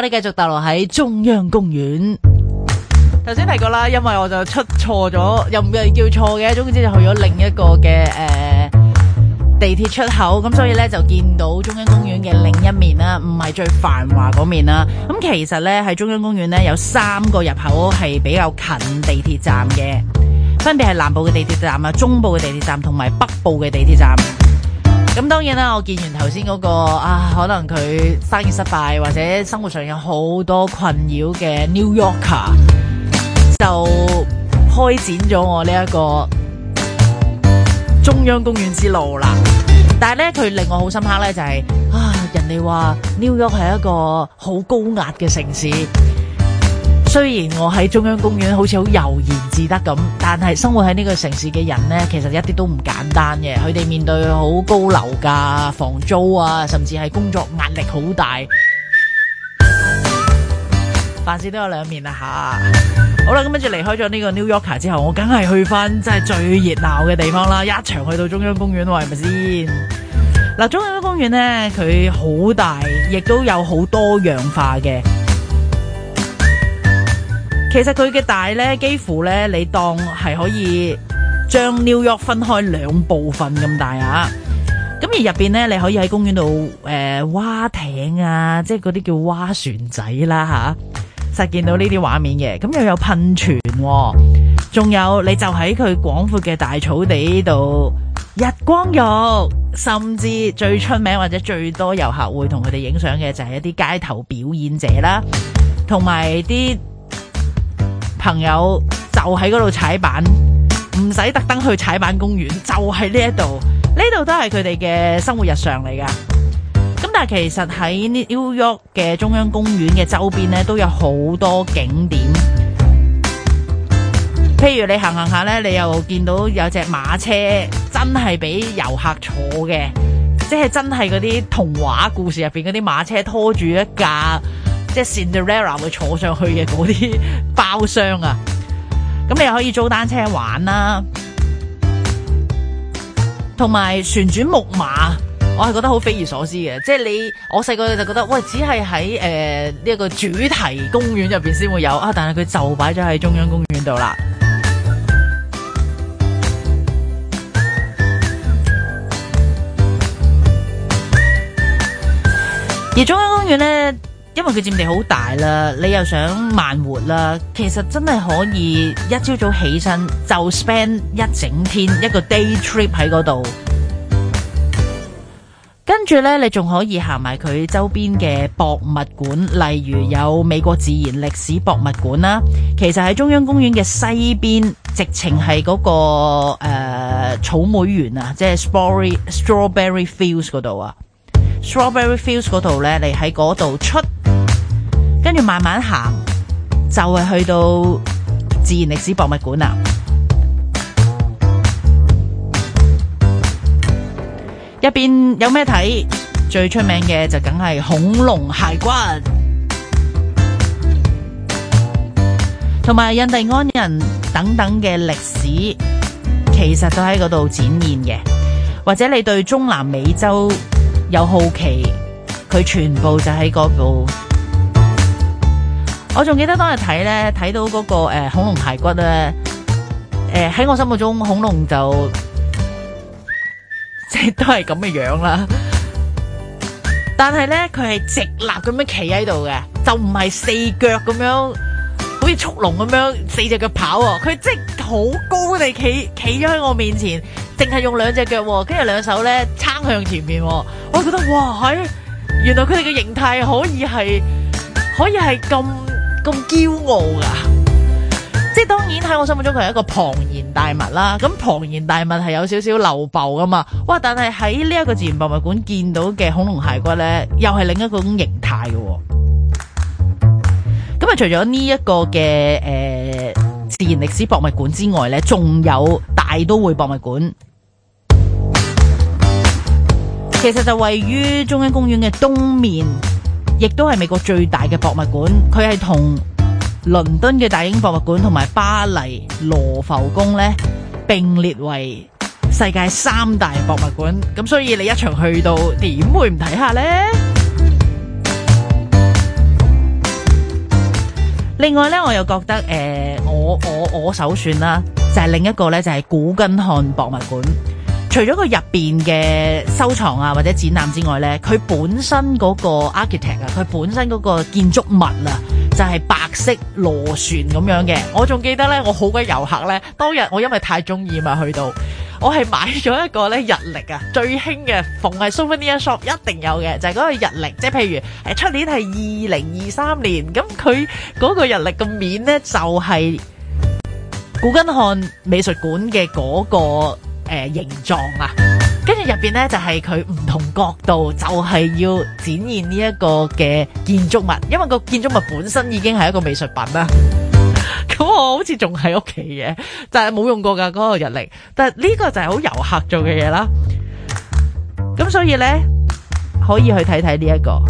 我哋繼續逗留喺中央公園。頭先提過啦，因為我就出錯咗，又唔係叫錯嘅，總之就去咗另一個嘅誒、呃、地鐵出口。咁所以呢，就見到中央公園嘅另一面啦，唔係最繁華嗰面啦。咁其實呢，喺中央公園呢，有三個入口係比較近地鐵站嘅，分別係南部嘅地鐵站啊、中部嘅地鐵站同埋北部嘅地鐵站。中部的地鐵站咁當然啦，我見完頭先嗰個啊，可能佢生意失敗或者生活上有好多困擾嘅 New Yorker，就開展咗我呢一個中央公園之路啦。但係呢，佢令我好深刻呢、就是，就係啊，人哋話 New York 係一個好高壓嘅城市。雖然我喺中央公園好似好悠然自得咁，但係生活喺呢個城市嘅人呢，其實一啲都唔簡單嘅。佢哋面對好高樓價、房租啊，甚至係工作壓力好大。 凡事都有兩面啊，吓，好啦，咁跟住離開咗呢個 New Yorker 之後，我梗係去翻即係最熱鬧嘅地方啦。一場去到中央公園，係咪先？嗱，中央公園呢，佢好大，亦都有好多樣化嘅。其實佢嘅大呢，幾乎呢，你當係可以將紐約分開兩部分咁大啊！咁而入邊呢，你可以喺公園度誒划艇，啊，即係嗰啲叫划船仔啦吓，實、啊、見到呢啲畫面嘅。咁又有噴泉，啊，仲有你就喺佢廣闊嘅大草地度日光浴，甚至最出名或者最多遊客會同佢哋影相嘅就係一啲街頭表演者啦，同埋啲。朋友就喺嗰度踩板，唔使特登去踩板公園，就喺呢一度，呢度都係佢哋嘅生活日常嚟噶。咁但係其實喺呢 New York 嘅中央公園嘅周邊咧，都有好多景點。譬如你行行下咧，你又見到有隻馬車真係俾遊客坐嘅，即係真係嗰啲童話故事入邊嗰啲馬車拖住一架。即係 Cinderella 會坐上去嘅嗰啲包廂啊，咁你又可以租單車玩啦，啊，同埋旋轉木馬，我係覺得好匪夷所思嘅，即係你我細個就覺得喂，只係喺誒呢一個主題公園入邊先會有啊，但係佢就擺咗喺中央公園度啦。 而中央公園咧。因為佢佔地好大啦，你又想慢活啦，其實真係可以一朝早起身就 spend 一整天一個 day trip 喺嗰度，跟住呢，你仲可以行埋佢周邊嘅博物館，例如有美國自然歷史博物館啦，其實喺中央公園嘅西邊，直情係嗰個誒、呃、草莓園啊，即係 strawberry strawberry fields 嗰度啊。Strawberry Fields 嗰度咧，你喺嗰度出，跟住慢慢行，就係去到自然歷史博物館啦。入邊有咩睇？最出名嘅就梗係恐龍骸骨，同埋印第安人等等嘅歷史，其實都喺嗰度展現嘅。或者你對中南美洲有好奇，佢全部就喺嗰度。我仲記得當日睇咧，睇到嗰、那個誒、呃、恐龍骸骨咧，誒、呃、喺我心目中恐龍就即係都係咁嘅樣啦。但係咧，佢係直立咁樣企喺度嘅，就唔係四腳咁樣，好似速龍咁樣四隻腳跑。佢即係好高地企企咗喺我面前。淨係用兩隻腳，跟住兩手咧撐向前面，我覺得哇喺，原來佢哋嘅形態可以係可以係咁咁驕傲噶，即係當然喺我心目中佢係一個龐然大物啦。咁龐然大物係有少少漏暴噶嘛，哇！但係喺呢一個自然博物館見到嘅恐龍骸骨咧，又係另一個形態嘅。咁啊，除咗呢一個嘅誒自然歷史博物館之外咧，仲有大都會博物館。其實就位於中央公園嘅東面，亦都係美國最大嘅博物館。佢係同倫敦嘅大英博物館同埋巴黎羅浮宮呢並列為世界三大博物館。咁所以你一場去到，點會唔睇下呢？另外呢，我又覺得誒、呃，我我我首選啦，就係、是、另一個呢，就係、是、古根漢博物館。除咗佢入邊嘅收藏啊或者展覽之外咧，佢本身嗰個 architecture 啊，佢本身嗰個建築物啊，就係、是、白色螺旋咁樣嘅。我仲記得咧，我好鬼遊客咧，當日我因為太中意嘛去到，我係買咗一個咧日曆啊，最興嘅，逢係 Souvenir Shop 一定有嘅，就係、是、嗰個日曆，即係譬如誒出年係二零二三年，咁佢嗰個日曆嘅面咧就係古根漢美術館嘅嗰個。誒、呃，形狀啊，跟住入邊呢，就係佢唔同角度，就係、是、要展現呢一個嘅建築物，因為個建築物本身已經係一個美術品、 就是那個、啦。咁我好似仲喺屋企嘅，就係冇用過噶嗰個日曆，但係呢個就係好遊客做嘅嘢啦。咁所以呢，可以去睇睇呢一個。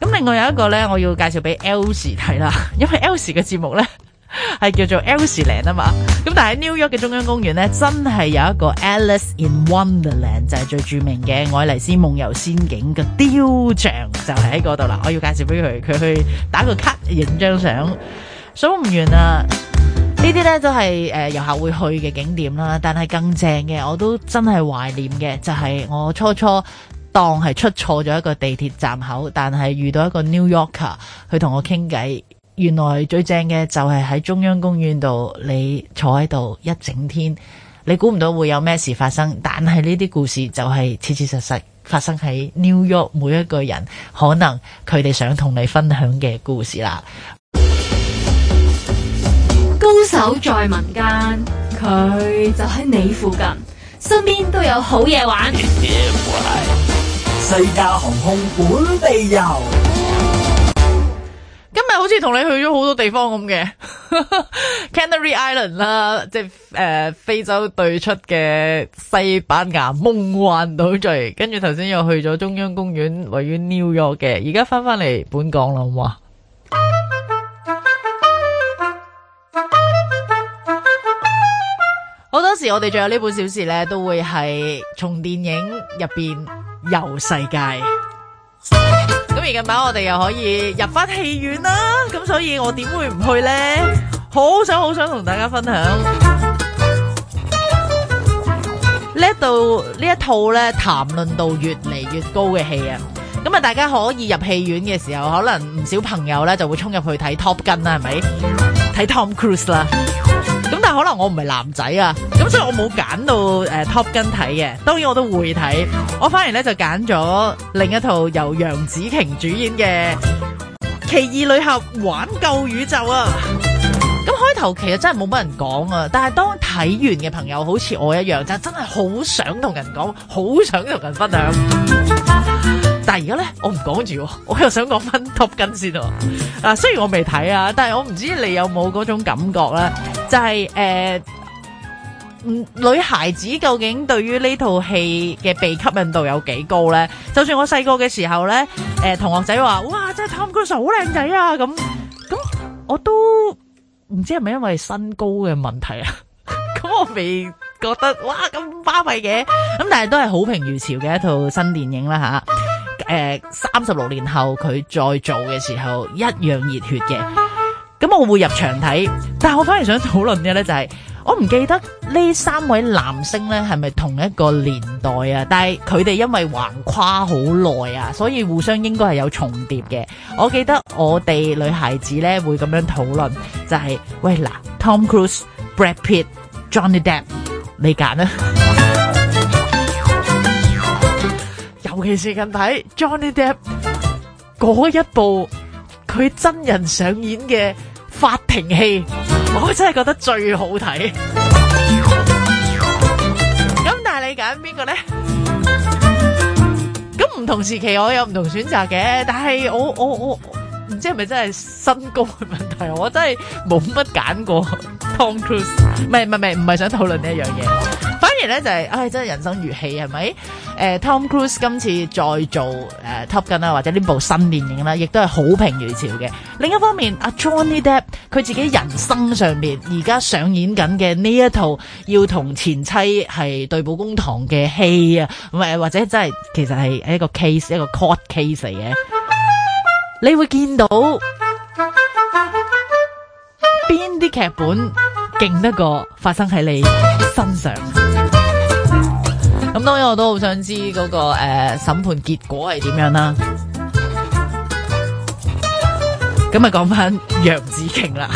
咁另外有一個呢，我要介紹俾 Elvis 睇啦，因為 Elvis 嘅節目呢。係叫做 Alice Land 啊嘛，咁但係喺 New York 嘅中央公園呢，真係有一個 Alice in Wonderland 就係最著名嘅愛麗絲夢遊仙境嘅雕像，就係喺嗰度啦。我要介紹俾佢，佢去打個卡，影張相，數唔完啊！呢啲呢都係誒遊客會去嘅景點啦，但係更正嘅，我都真係懷念嘅，就係、是、我初初當係出錯咗一個地鐵站口，但係遇到一個 New Yorker 佢同我傾偈。原來最正嘅就係喺中央公園度，你坐喺度一整天，你估唔到會有咩事發生。但係呢啲故事就係切切實實發生喺 New York，每一個人可能佢哋想同你分享嘅故事啦。高手在民間，佢就喺你附近，身邊都有好嘢玩。 西加航空本地遊。今日好似同你去咗好多地方咁嘅 Canary Island 啦，就是，即係誒非洲對出嘅西班牙夢幻島嶼，跟住頭先又去咗中央公園位於 New York 嘅，而家翻翻嚟本港啦，好唔好啊？好多時我哋仲有呢本小事呢，都會係從電影入邊遊世界。咁而近排我哋又可以入翻戲院啦，咁所以我點會唔去呢？好想好想同大家分享呢一度呢一套咧，談論度越嚟越高嘅戲啊！咁啊大家可以入戲院嘅時候，可能唔少朋友咧就會衝入去睇 Top Gun 啦，係咪？睇 Tom Cruise 啦。咁但係可能我唔係男仔啊，咁所以我冇揀到誒、呃、Top Gun 睇嘅，當然我都會睇，我反而咧就揀咗另一套由楊紫瓊主演嘅《奇異女俠玩救宇宙》啊！咁開頭其實真係冇乜人講啊，但係當睇完嘅朋友好似我一樣，就真係好想同人講，好想同人分享。但係而家咧，我唔講住，我又想講翻 Top Gun 先啊！雖然我未睇啊，但係我唔知你有冇嗰種感覺咧、啊，就係、是、誒、呃，女孩子究竟對於呢套戲嘅被吸引度有幾高咧？就算我細個嘅時候咧，誒、呃，同學仔話哇，真係 Tom Cruise 好靚仔啊！咁、嗯、咁、嗯，我都唔知係咪因為身高嘅問題啊？咁、 嗯、我未覺得哇咁巴閉嘅，咁、嗯、但係都係好評如潮嘅一套新電影啦、啊、吓。誒，三十六年後佢再做嘅時候一樣熱血嘅，咁我會入場睇，但係我反而想討論嘅呢，就係、是，我唔記得呢三位男星呢係咪同一個年代啊？但係佢哋因為橫跨好耐啊，所以互相應該係有重疊嘅。我記得我哋女孩子呢會咁樣討論，就係、是、喂嗱，Tom Cruise、Brad Pitt、Johnny Depp，你揀咧？尤其是近睇 Johnny Depp 嗰一部佢真人上演嘅法庭戲，我真係覺得最好睇。咁但係你揀邊個咧？咁唔同時期我有唔同選擇嘅，但係我我我。唔知係咪真係身高嘅問題，我真係冇乜揀過 Tom Cruise，唔係唔係唔係，唔係想討論呢一樣嘢。反而咧就係，唉，真係人生如戲係咪？誒，Tom Cruise 今次再做誒 Top 筋啦，或者呢部新電影啦，亦都係好評如潮嘅。另一方面，阿 Johnny Depp 佢自己人生上邊而家上演緊嘅呢一套要同前妻係對簿公堂嘅戲啊，咁係或者真係其實係一個 case 一個 court case 嚟嘅。你會見到邊啲劇本勁得過發生喺你身上？咁當然我都好想知嗰、那個誒、呃、審判結果係點樣啦。咁啊，講翻楊紫瓊啦。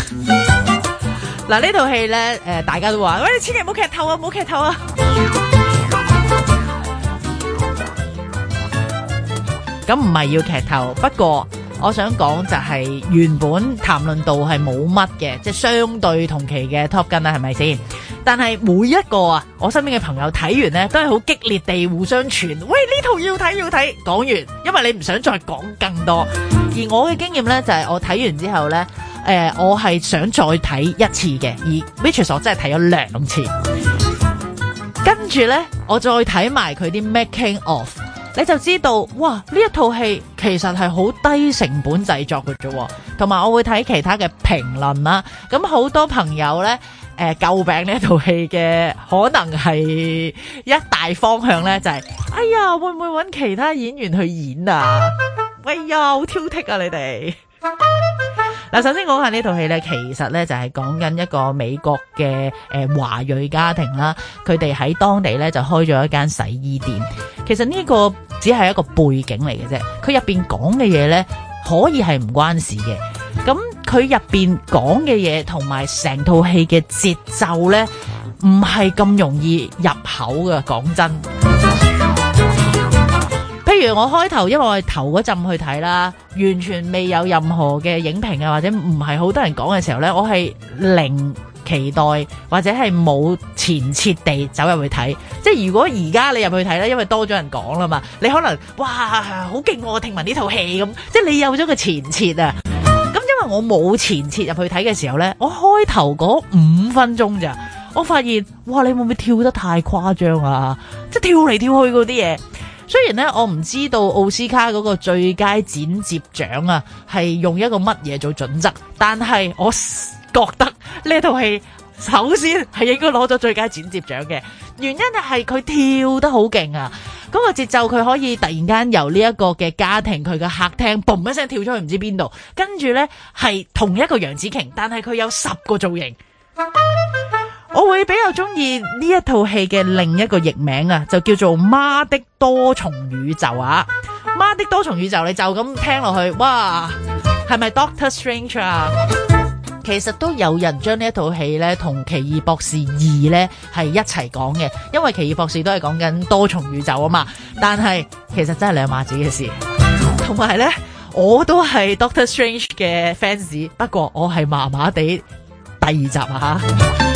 嗱，呢套戲咧，誒，大家都話：「喂，你千祈唔好劇透啊，唔好劇透啊。」咁唔係要劇透，不過。我想講就係原本談論度係冇乜嘅，即係相對同期嘅 Top Gun 啦，係咪先？但係每一個啊，我身邊嘅朋友睇完呢，都係好激烈地互相傳， 喂，呢套要睇要睇。講完，因為你唔想再講更多。而我嘅經驗呢，就係、是、我睇完之後呢，誒、呃，我係想再睇一次嘅。而 w r i c h s 真係睇咗兩次，跟住呢，我再睇埋佢啲 Making of。你就知道，哇！呢一套戲其實係好低成本製作嘅啫，同埋我會睇其他嘅評論啦、啊。咁好多朋友呢，誒、呃、救餅呢一套戲嘅可能係一大方向呢，就係、是，哎呀，會唔會揾其他演員去演啊？喂呀，好挑剔啊你哋。嗱，首先講下呢套戲咧，其實咧就係講緊一個美國嘅誒、呃、華裔家庭啦，佢哋喺當地咧就開咗一間洗衣店。其實呢個只係一個背景嚟嘅啫，佢入邊講嘅嘢咧可以係唔關事嘅。咁佢入邊講嘅嘢同埋成套戲嘅節奏咧，唔係咁容易入口嘅，講真。譬如我開頭，因為我頭嗰陣去睇啦，完全未有任何嘅影評啊，或者唔係好多人講嘅時候呢，我係零期待或者係冇前設地走入去睇。即係如果而家你入去睇呢，因為多咗人講啦嘛，你可能哇好勁我聽聞呢套戲咁，即係你有咗個前設啊。咁因為我冇前設入去睇嘅時候呢，我開頭嗰五分鐘咋，我發現哇你會唔會跳得太誇張啊？即係跳嚟跳去嗰啲嘢。雖然咧，我唔知道奧斯卡嗰個最佳剪接獎啊，係用一個乜嘢做準則，但係我覺得呢套戲首先係應該攞咗最佳剪接獎嘅，原因就係佢跳得好勁啊！嗰個節奏佢可以突然間由呢一個嘅家庭佢嘅客廳，boom 一聲跳出去唔知邊度，跟住呢係同一個楊紫瓊，但係佢有十個造型。我會比較中意呢一套戲嘅另一個譯名啊，就叫做《媽的多重宇宙》啊，《媽的多重宇宙》你就咁聽落去，哇，係咪 Doctor Strange 啊？其實都有人將呢一套戲呢同《奇異博士二》呢係一齊講嘅，因為《奇異博士》都係講緊多重宇宙啊嘛。但係其實真係兩碼子嘅事。同埋呢，我都係 Doctor Strange 嘅 fans，不過我係麻麻地第二集啊吓。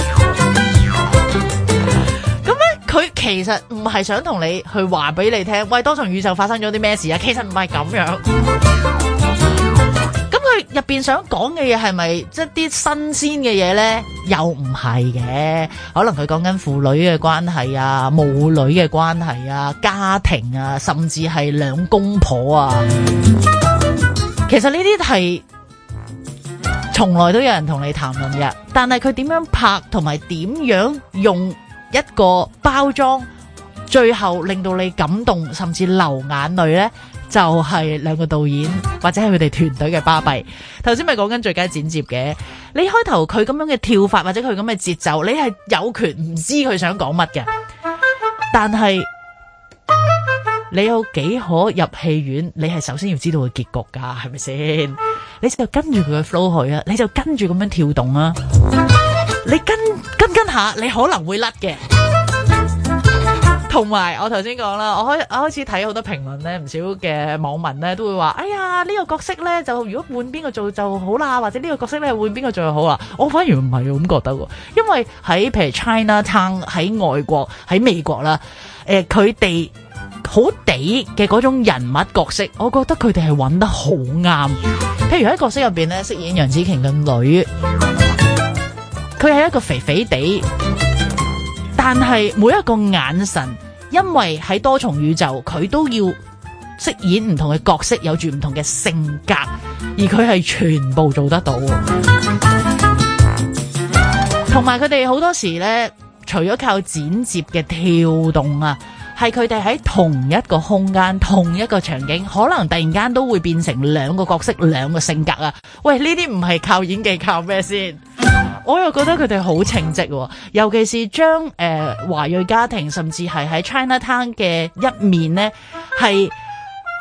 佢其實唔係想同你去話俾你聽，喂，多重宇宙發生咗啲咩事啊？其實唔係咁樣。咁佢入面想講嘅嘢係咪即啲新鮮嘅嘢呢？又唔係嘅，可能佢講緊父女嘅關係啊、母女嘅關係啊、家庭啊，甚至係兩公婆啊。其實呢啲係從來都有人同你談論嘅，但係佢點樣拍同埋點樣用？一個包裝，最後令到你感動，甚至流眼淚呢，就係兩個導演或者係佢哋團隊嘅巴閉。頭先咪講緊最佳剪接嘅，你開頭佢咁樣嘅跳法或者佢咁嘅節奏，你係有權唔知佢想講乜嘅，但係你有幾可入戲院，你係首先要知道個結局噶，係咪先？你就跟住佢嘅 flow 去啊，你就跟住咁樣跳動啊。你跟跟跟下，你可能會甩嘅。同埋我頭先講啦，我開我開始睇好多評論咧，唔少嘅網民咧都會話：哎呀，呢個角色咧就如果換邊個做就好啦，或者呢個角色咧換邊個做就好啦。我反而唔係咁覺得，因為喺譬如 China Town 喺外國喺美國啦，誒，佢哋好地嘅嗰種人物角色，我覺得佢哋係揾得好啱。譬如喺角色入邊咧，飾演楊紫瓊嘅女。佢係一個肥肥地，但係每一個眼神，因為喺多重宇宙，佢都要飾演唔同嘅角色，有住唔同嘅性格，而佢係全部做得到。同埋佢哋好多時呢，除咗靠剪接嘅跳動啊。係佢哋喺同一個空間、同一個場景，可能突然間都會變成兩個角色、兩個性格啊！喂，呢啲唔係靠演技，靠咩先？ 我又覺得佢哋好稱職喎，尤其是將誒華裔家庭，甚至係喺 China Town 嘅一面呢，係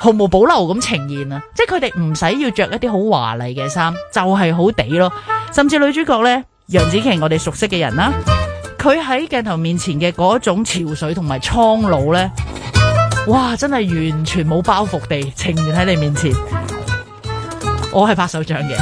毫無保留咁呈現啊！即係佢哋唔使要着一啲好華麗嘅衫，就係、是、好地咯。甚至女主角呢，楊紫瓊，我哋熟悉嘅人啦、啊。佢喺鏡頭面前嘅嗰種潮水同埋蒼老咧，哇！真係完全冇包袱地呈現喺你面前。我係拍手掌嘅。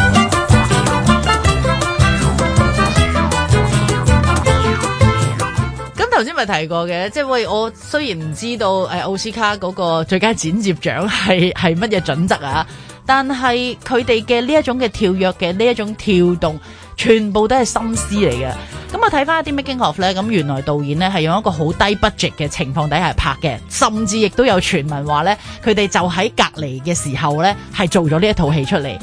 咁頭先咪提過嘅，即係喂，我雖然唔知道誒奧斯卡嗰個最佳剪接獎係係乜嘢準則啊，但係佢哋嘅呢一種嘅跳躍嘅呢一種跳動。全部都係心思嚟嘅，咁我睇翻一啲咩 making of 咧，咁原來導演呢係用一個好低 budget 嘅情況底下拍嘅，甚至亦都有傳聞話呢，佢哋就喺隔離嘅時候呢係做咗呢一套戲出嚟。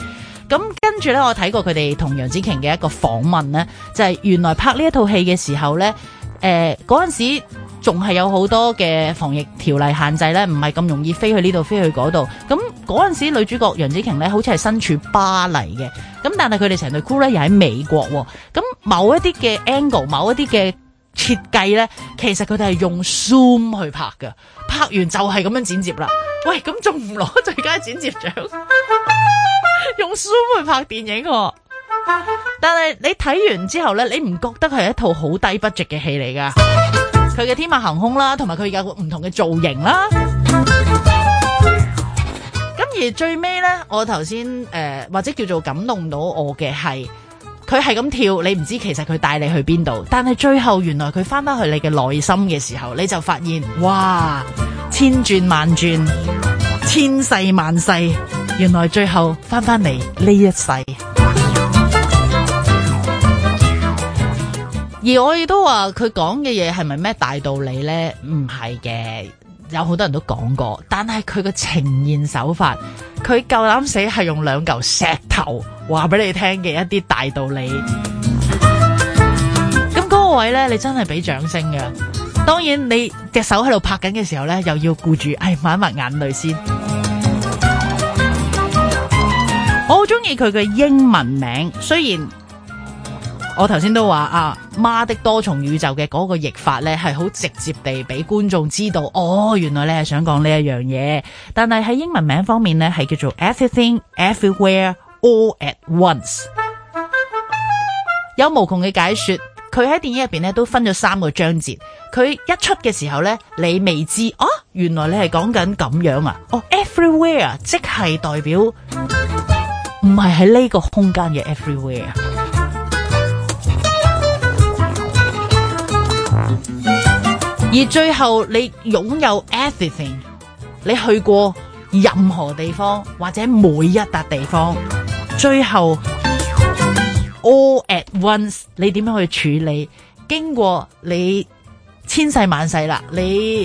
咁跟住呢，我睇過佢哋同楊紫瓊嘅一個訪問呢，就係、是、原來拍呢一套戲嘅時候呢，誒嗰陣時。仲係有好多嘅防疫條例限制咧，唔係咁容易飛去呢度，飛去嗰度。咁嗰陣時，女主角楊紫瓊咧，好似係身處巴黎嘅。咁但係佢哋成隊 crew 咧，又喺美國。咁某一啲嘅 angle，某一啲嘅設計咧，其實佢哋係用 zoom 去拍㗎。拍完就係咁樣剪接啦。喂，咁仲唔攞最佳剪接獎？ 用 zoom 去拍電影，但係你睇完之後咧，你唔覺得係一套好低 budget 嘅戲嚟噶？佢嘅天馬行空啦，同埋佢有唔同嘅造型啦。咁 而最尾呢，我頭先誒或者叫做感動到我嘅係，佢係咁跳，你唔知其實佢帶你去邊度，但係最後原來佢翻翻去你嘅內心嘅時候，你就發現哇，千轉萬轉，千世萬世，原來最後翻翻嚟呢一世。而我亦都話佢講嘅嘢係咪咩大道理呢？唔係嘅，有好多人都講過。但係佢嘅呈現手法，佢夠膽死係用兩嚿石頭話俾你聽嘅一啲大道理。咁嗰個位呢，你真係俾掌聲㗎。當然，你隻手喺度拍緊嘅時候呢，又要顧住唉抹一抹眼淚先。我好中意佢嘅英文名，雖然。我頭先都話啊，媽的多重宇宙嘅嗰個譯法咧，係好直接地俾觀眾知道，哦，原來你係想講呢一樣嘢。但係喺英文名方面咧，係叫做 Everything Everywhere All at Once。有無窮嘅解說，佢喺電影入邊咧都分咗三個章節。佢一出嘅時候咧，你未知哦，啊，原來你係講緊咁樣啊？哦，Everywhere 即係代表唔係喺呢個空間嘅 Everywhere。而最後，你擁有 everything，你去過任何地方或者每一笪地方，最後 all at once，你點樣去處理？經過你千世萬世啦，你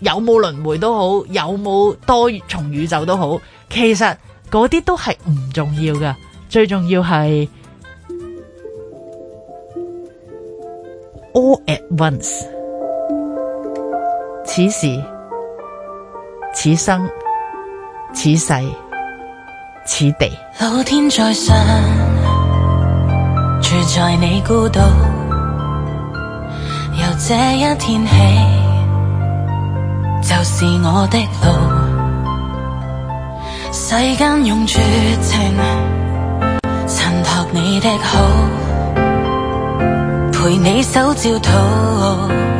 有冇輪迴都好，有冇多重宇宙都好，其實嗰啲都係唔重要㗎，最重要係 all at once。此時，此生，此世，此地。老天在上，住在你孤島，由這一天起，就是我的路。世間用絕情襯托你的好，陪你守照土。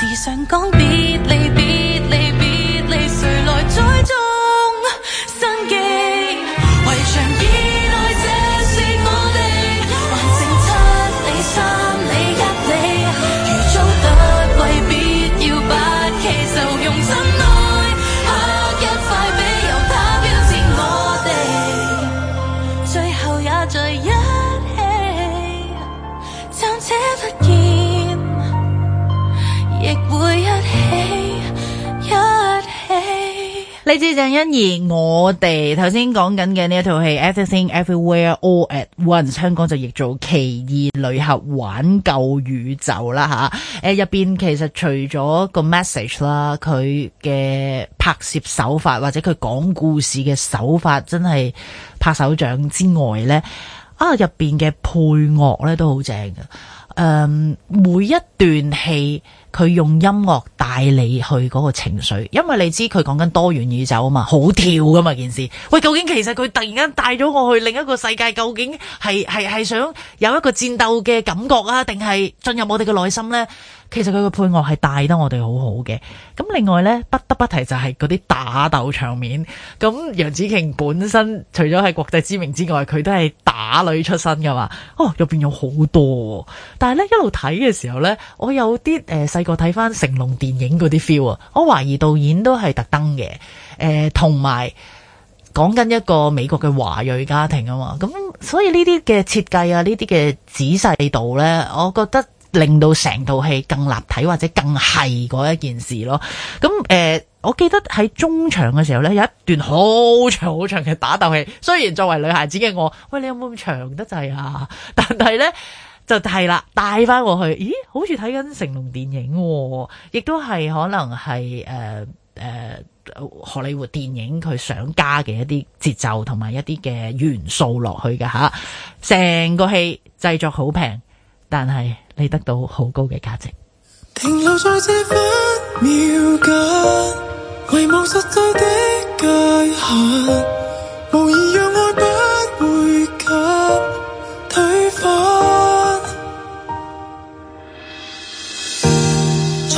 時常講別離別。之鄭欣宜，我哋頭先講緊嘅呢一套戲《Everything Everywhere All At Once》，香港就譯做《奇異旅客玩救宇宙》啦，吓誒入邊其實除咗個 message 啦，佢嘅拍攝手法或者佢講故事嘅手法真係拍手掌之外呢，啊入邊嘅配樂呢都好正嘅，誒、嗯、每一段戲。佢用音樂帶你去嗰個情緒，因為你知佢講緊多元宇宙啊嘛，好跳噶嘛件事。喂，究竟其實佢突然間帶咗我去另一個世界，究竟係係係想有一個戰鬥嘅感覺啊，定係進入我哋嘅內心呢？其實佢嘅配樂係帶得我哋好好嘅。咁另外呢，不得不提就係嗰啲打鬥場面。咁楊紫瓊本身除咗係國際知名之外，佢都係打女出身噶嘛。哦，入面有好多，但係呢，一路睇嘅時候呢，我有啲誒細。呃個睇翻成龍電影嗰啲 feel 啊，我懷疑導演都係特登嘅，誒、呃，同埋講緊一個美國嘅華裔家庭啊嘛，咁所以呢啲嘅設計啊，呢啲嘅仔細度呢，我覺得令到成套戲更立體或者更係嗰一件事咯。咁、呃、誒，我記得喺中場嘅時候呢，有一段好長好長嘅打鬥戲，雖然作為女孩子嘅我，喂，你有冇咁長得滯啊？但係呢。就係啦，帶返過去，咦？好似睇緊成龍電影喎。哦，亦都係可能係誒誒荷里活電影佢想加嘅一啲節奏同埋一啲嘅元素落去㗎。吓、啊、成個戲製作好平，但係你得到好高嘅價值。停留在這分秒間，遺無實際的界限，無意讓愛不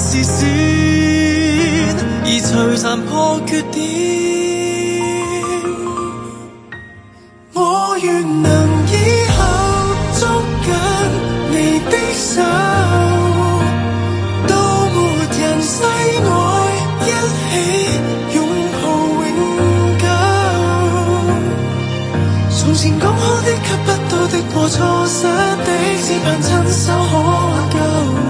視線，而璀璨破缺點。我願能以後捉緊你的手，到沒人世外，一起擁抱永久。從前講好的，給不到的，過錯失的，只盼親手可挽救。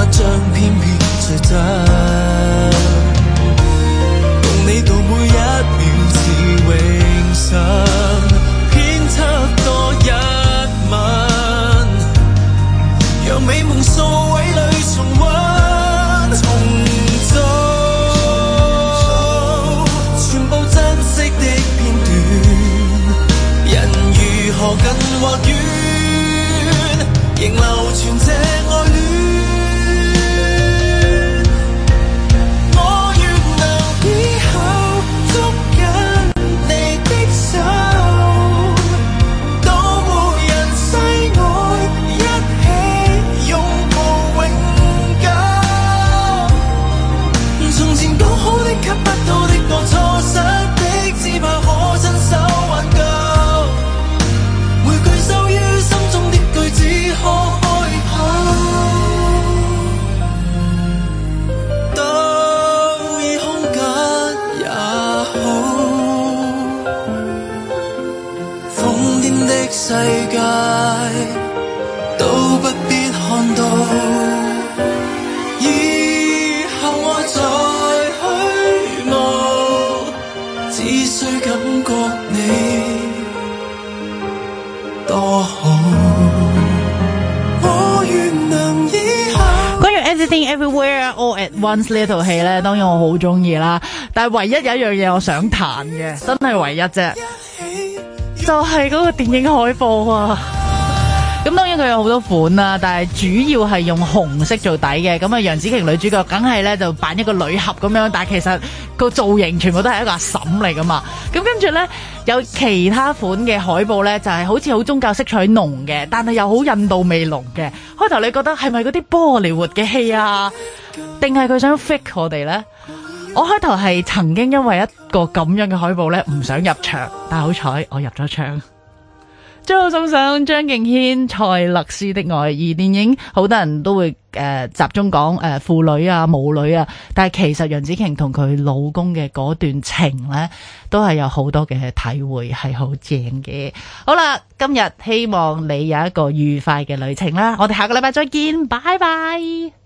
我將翩翩聚共你度每一秒似永生。Once 呢套戲呢，當然我好中意啦。但係唯一有一樣嘢我想彈嘅，真係唯一啫，就係嗰個電影海報啊。咁 當然佢有好多款啦，但係主要係用紅色做底嘅。咁啊，楊紫瓊女主角梗係呢，就扮一個女俠咁樣，但係其實。個造型全部都係一個阿嬸嚟㗎嘛，咁跟住呢，有其他款嘅海報呢，就係、是、好似好宗教色彩濃嘅，但係又好印度味濃嘅。開頭你覺得係咪嗰啲波里活嘅戲啊？定係佢想 fake 我哋呢？我開頭係曾經因為一個咁樣嘅海報呢唔想入場，但係好彩我入咗場。最後送上張敬軒《蔡勒斯的愛》二電影，好多人都會。誒、呃，集中講誒，婦女啊，母女啊，但係其實楊子晴同佢老公嘅嗰段情呢，都係有好多嘅體會，係好正嘅。好啦，今日希望你有一個愉快嘅旅程啦。我哋下個禮拜再見，拜拜。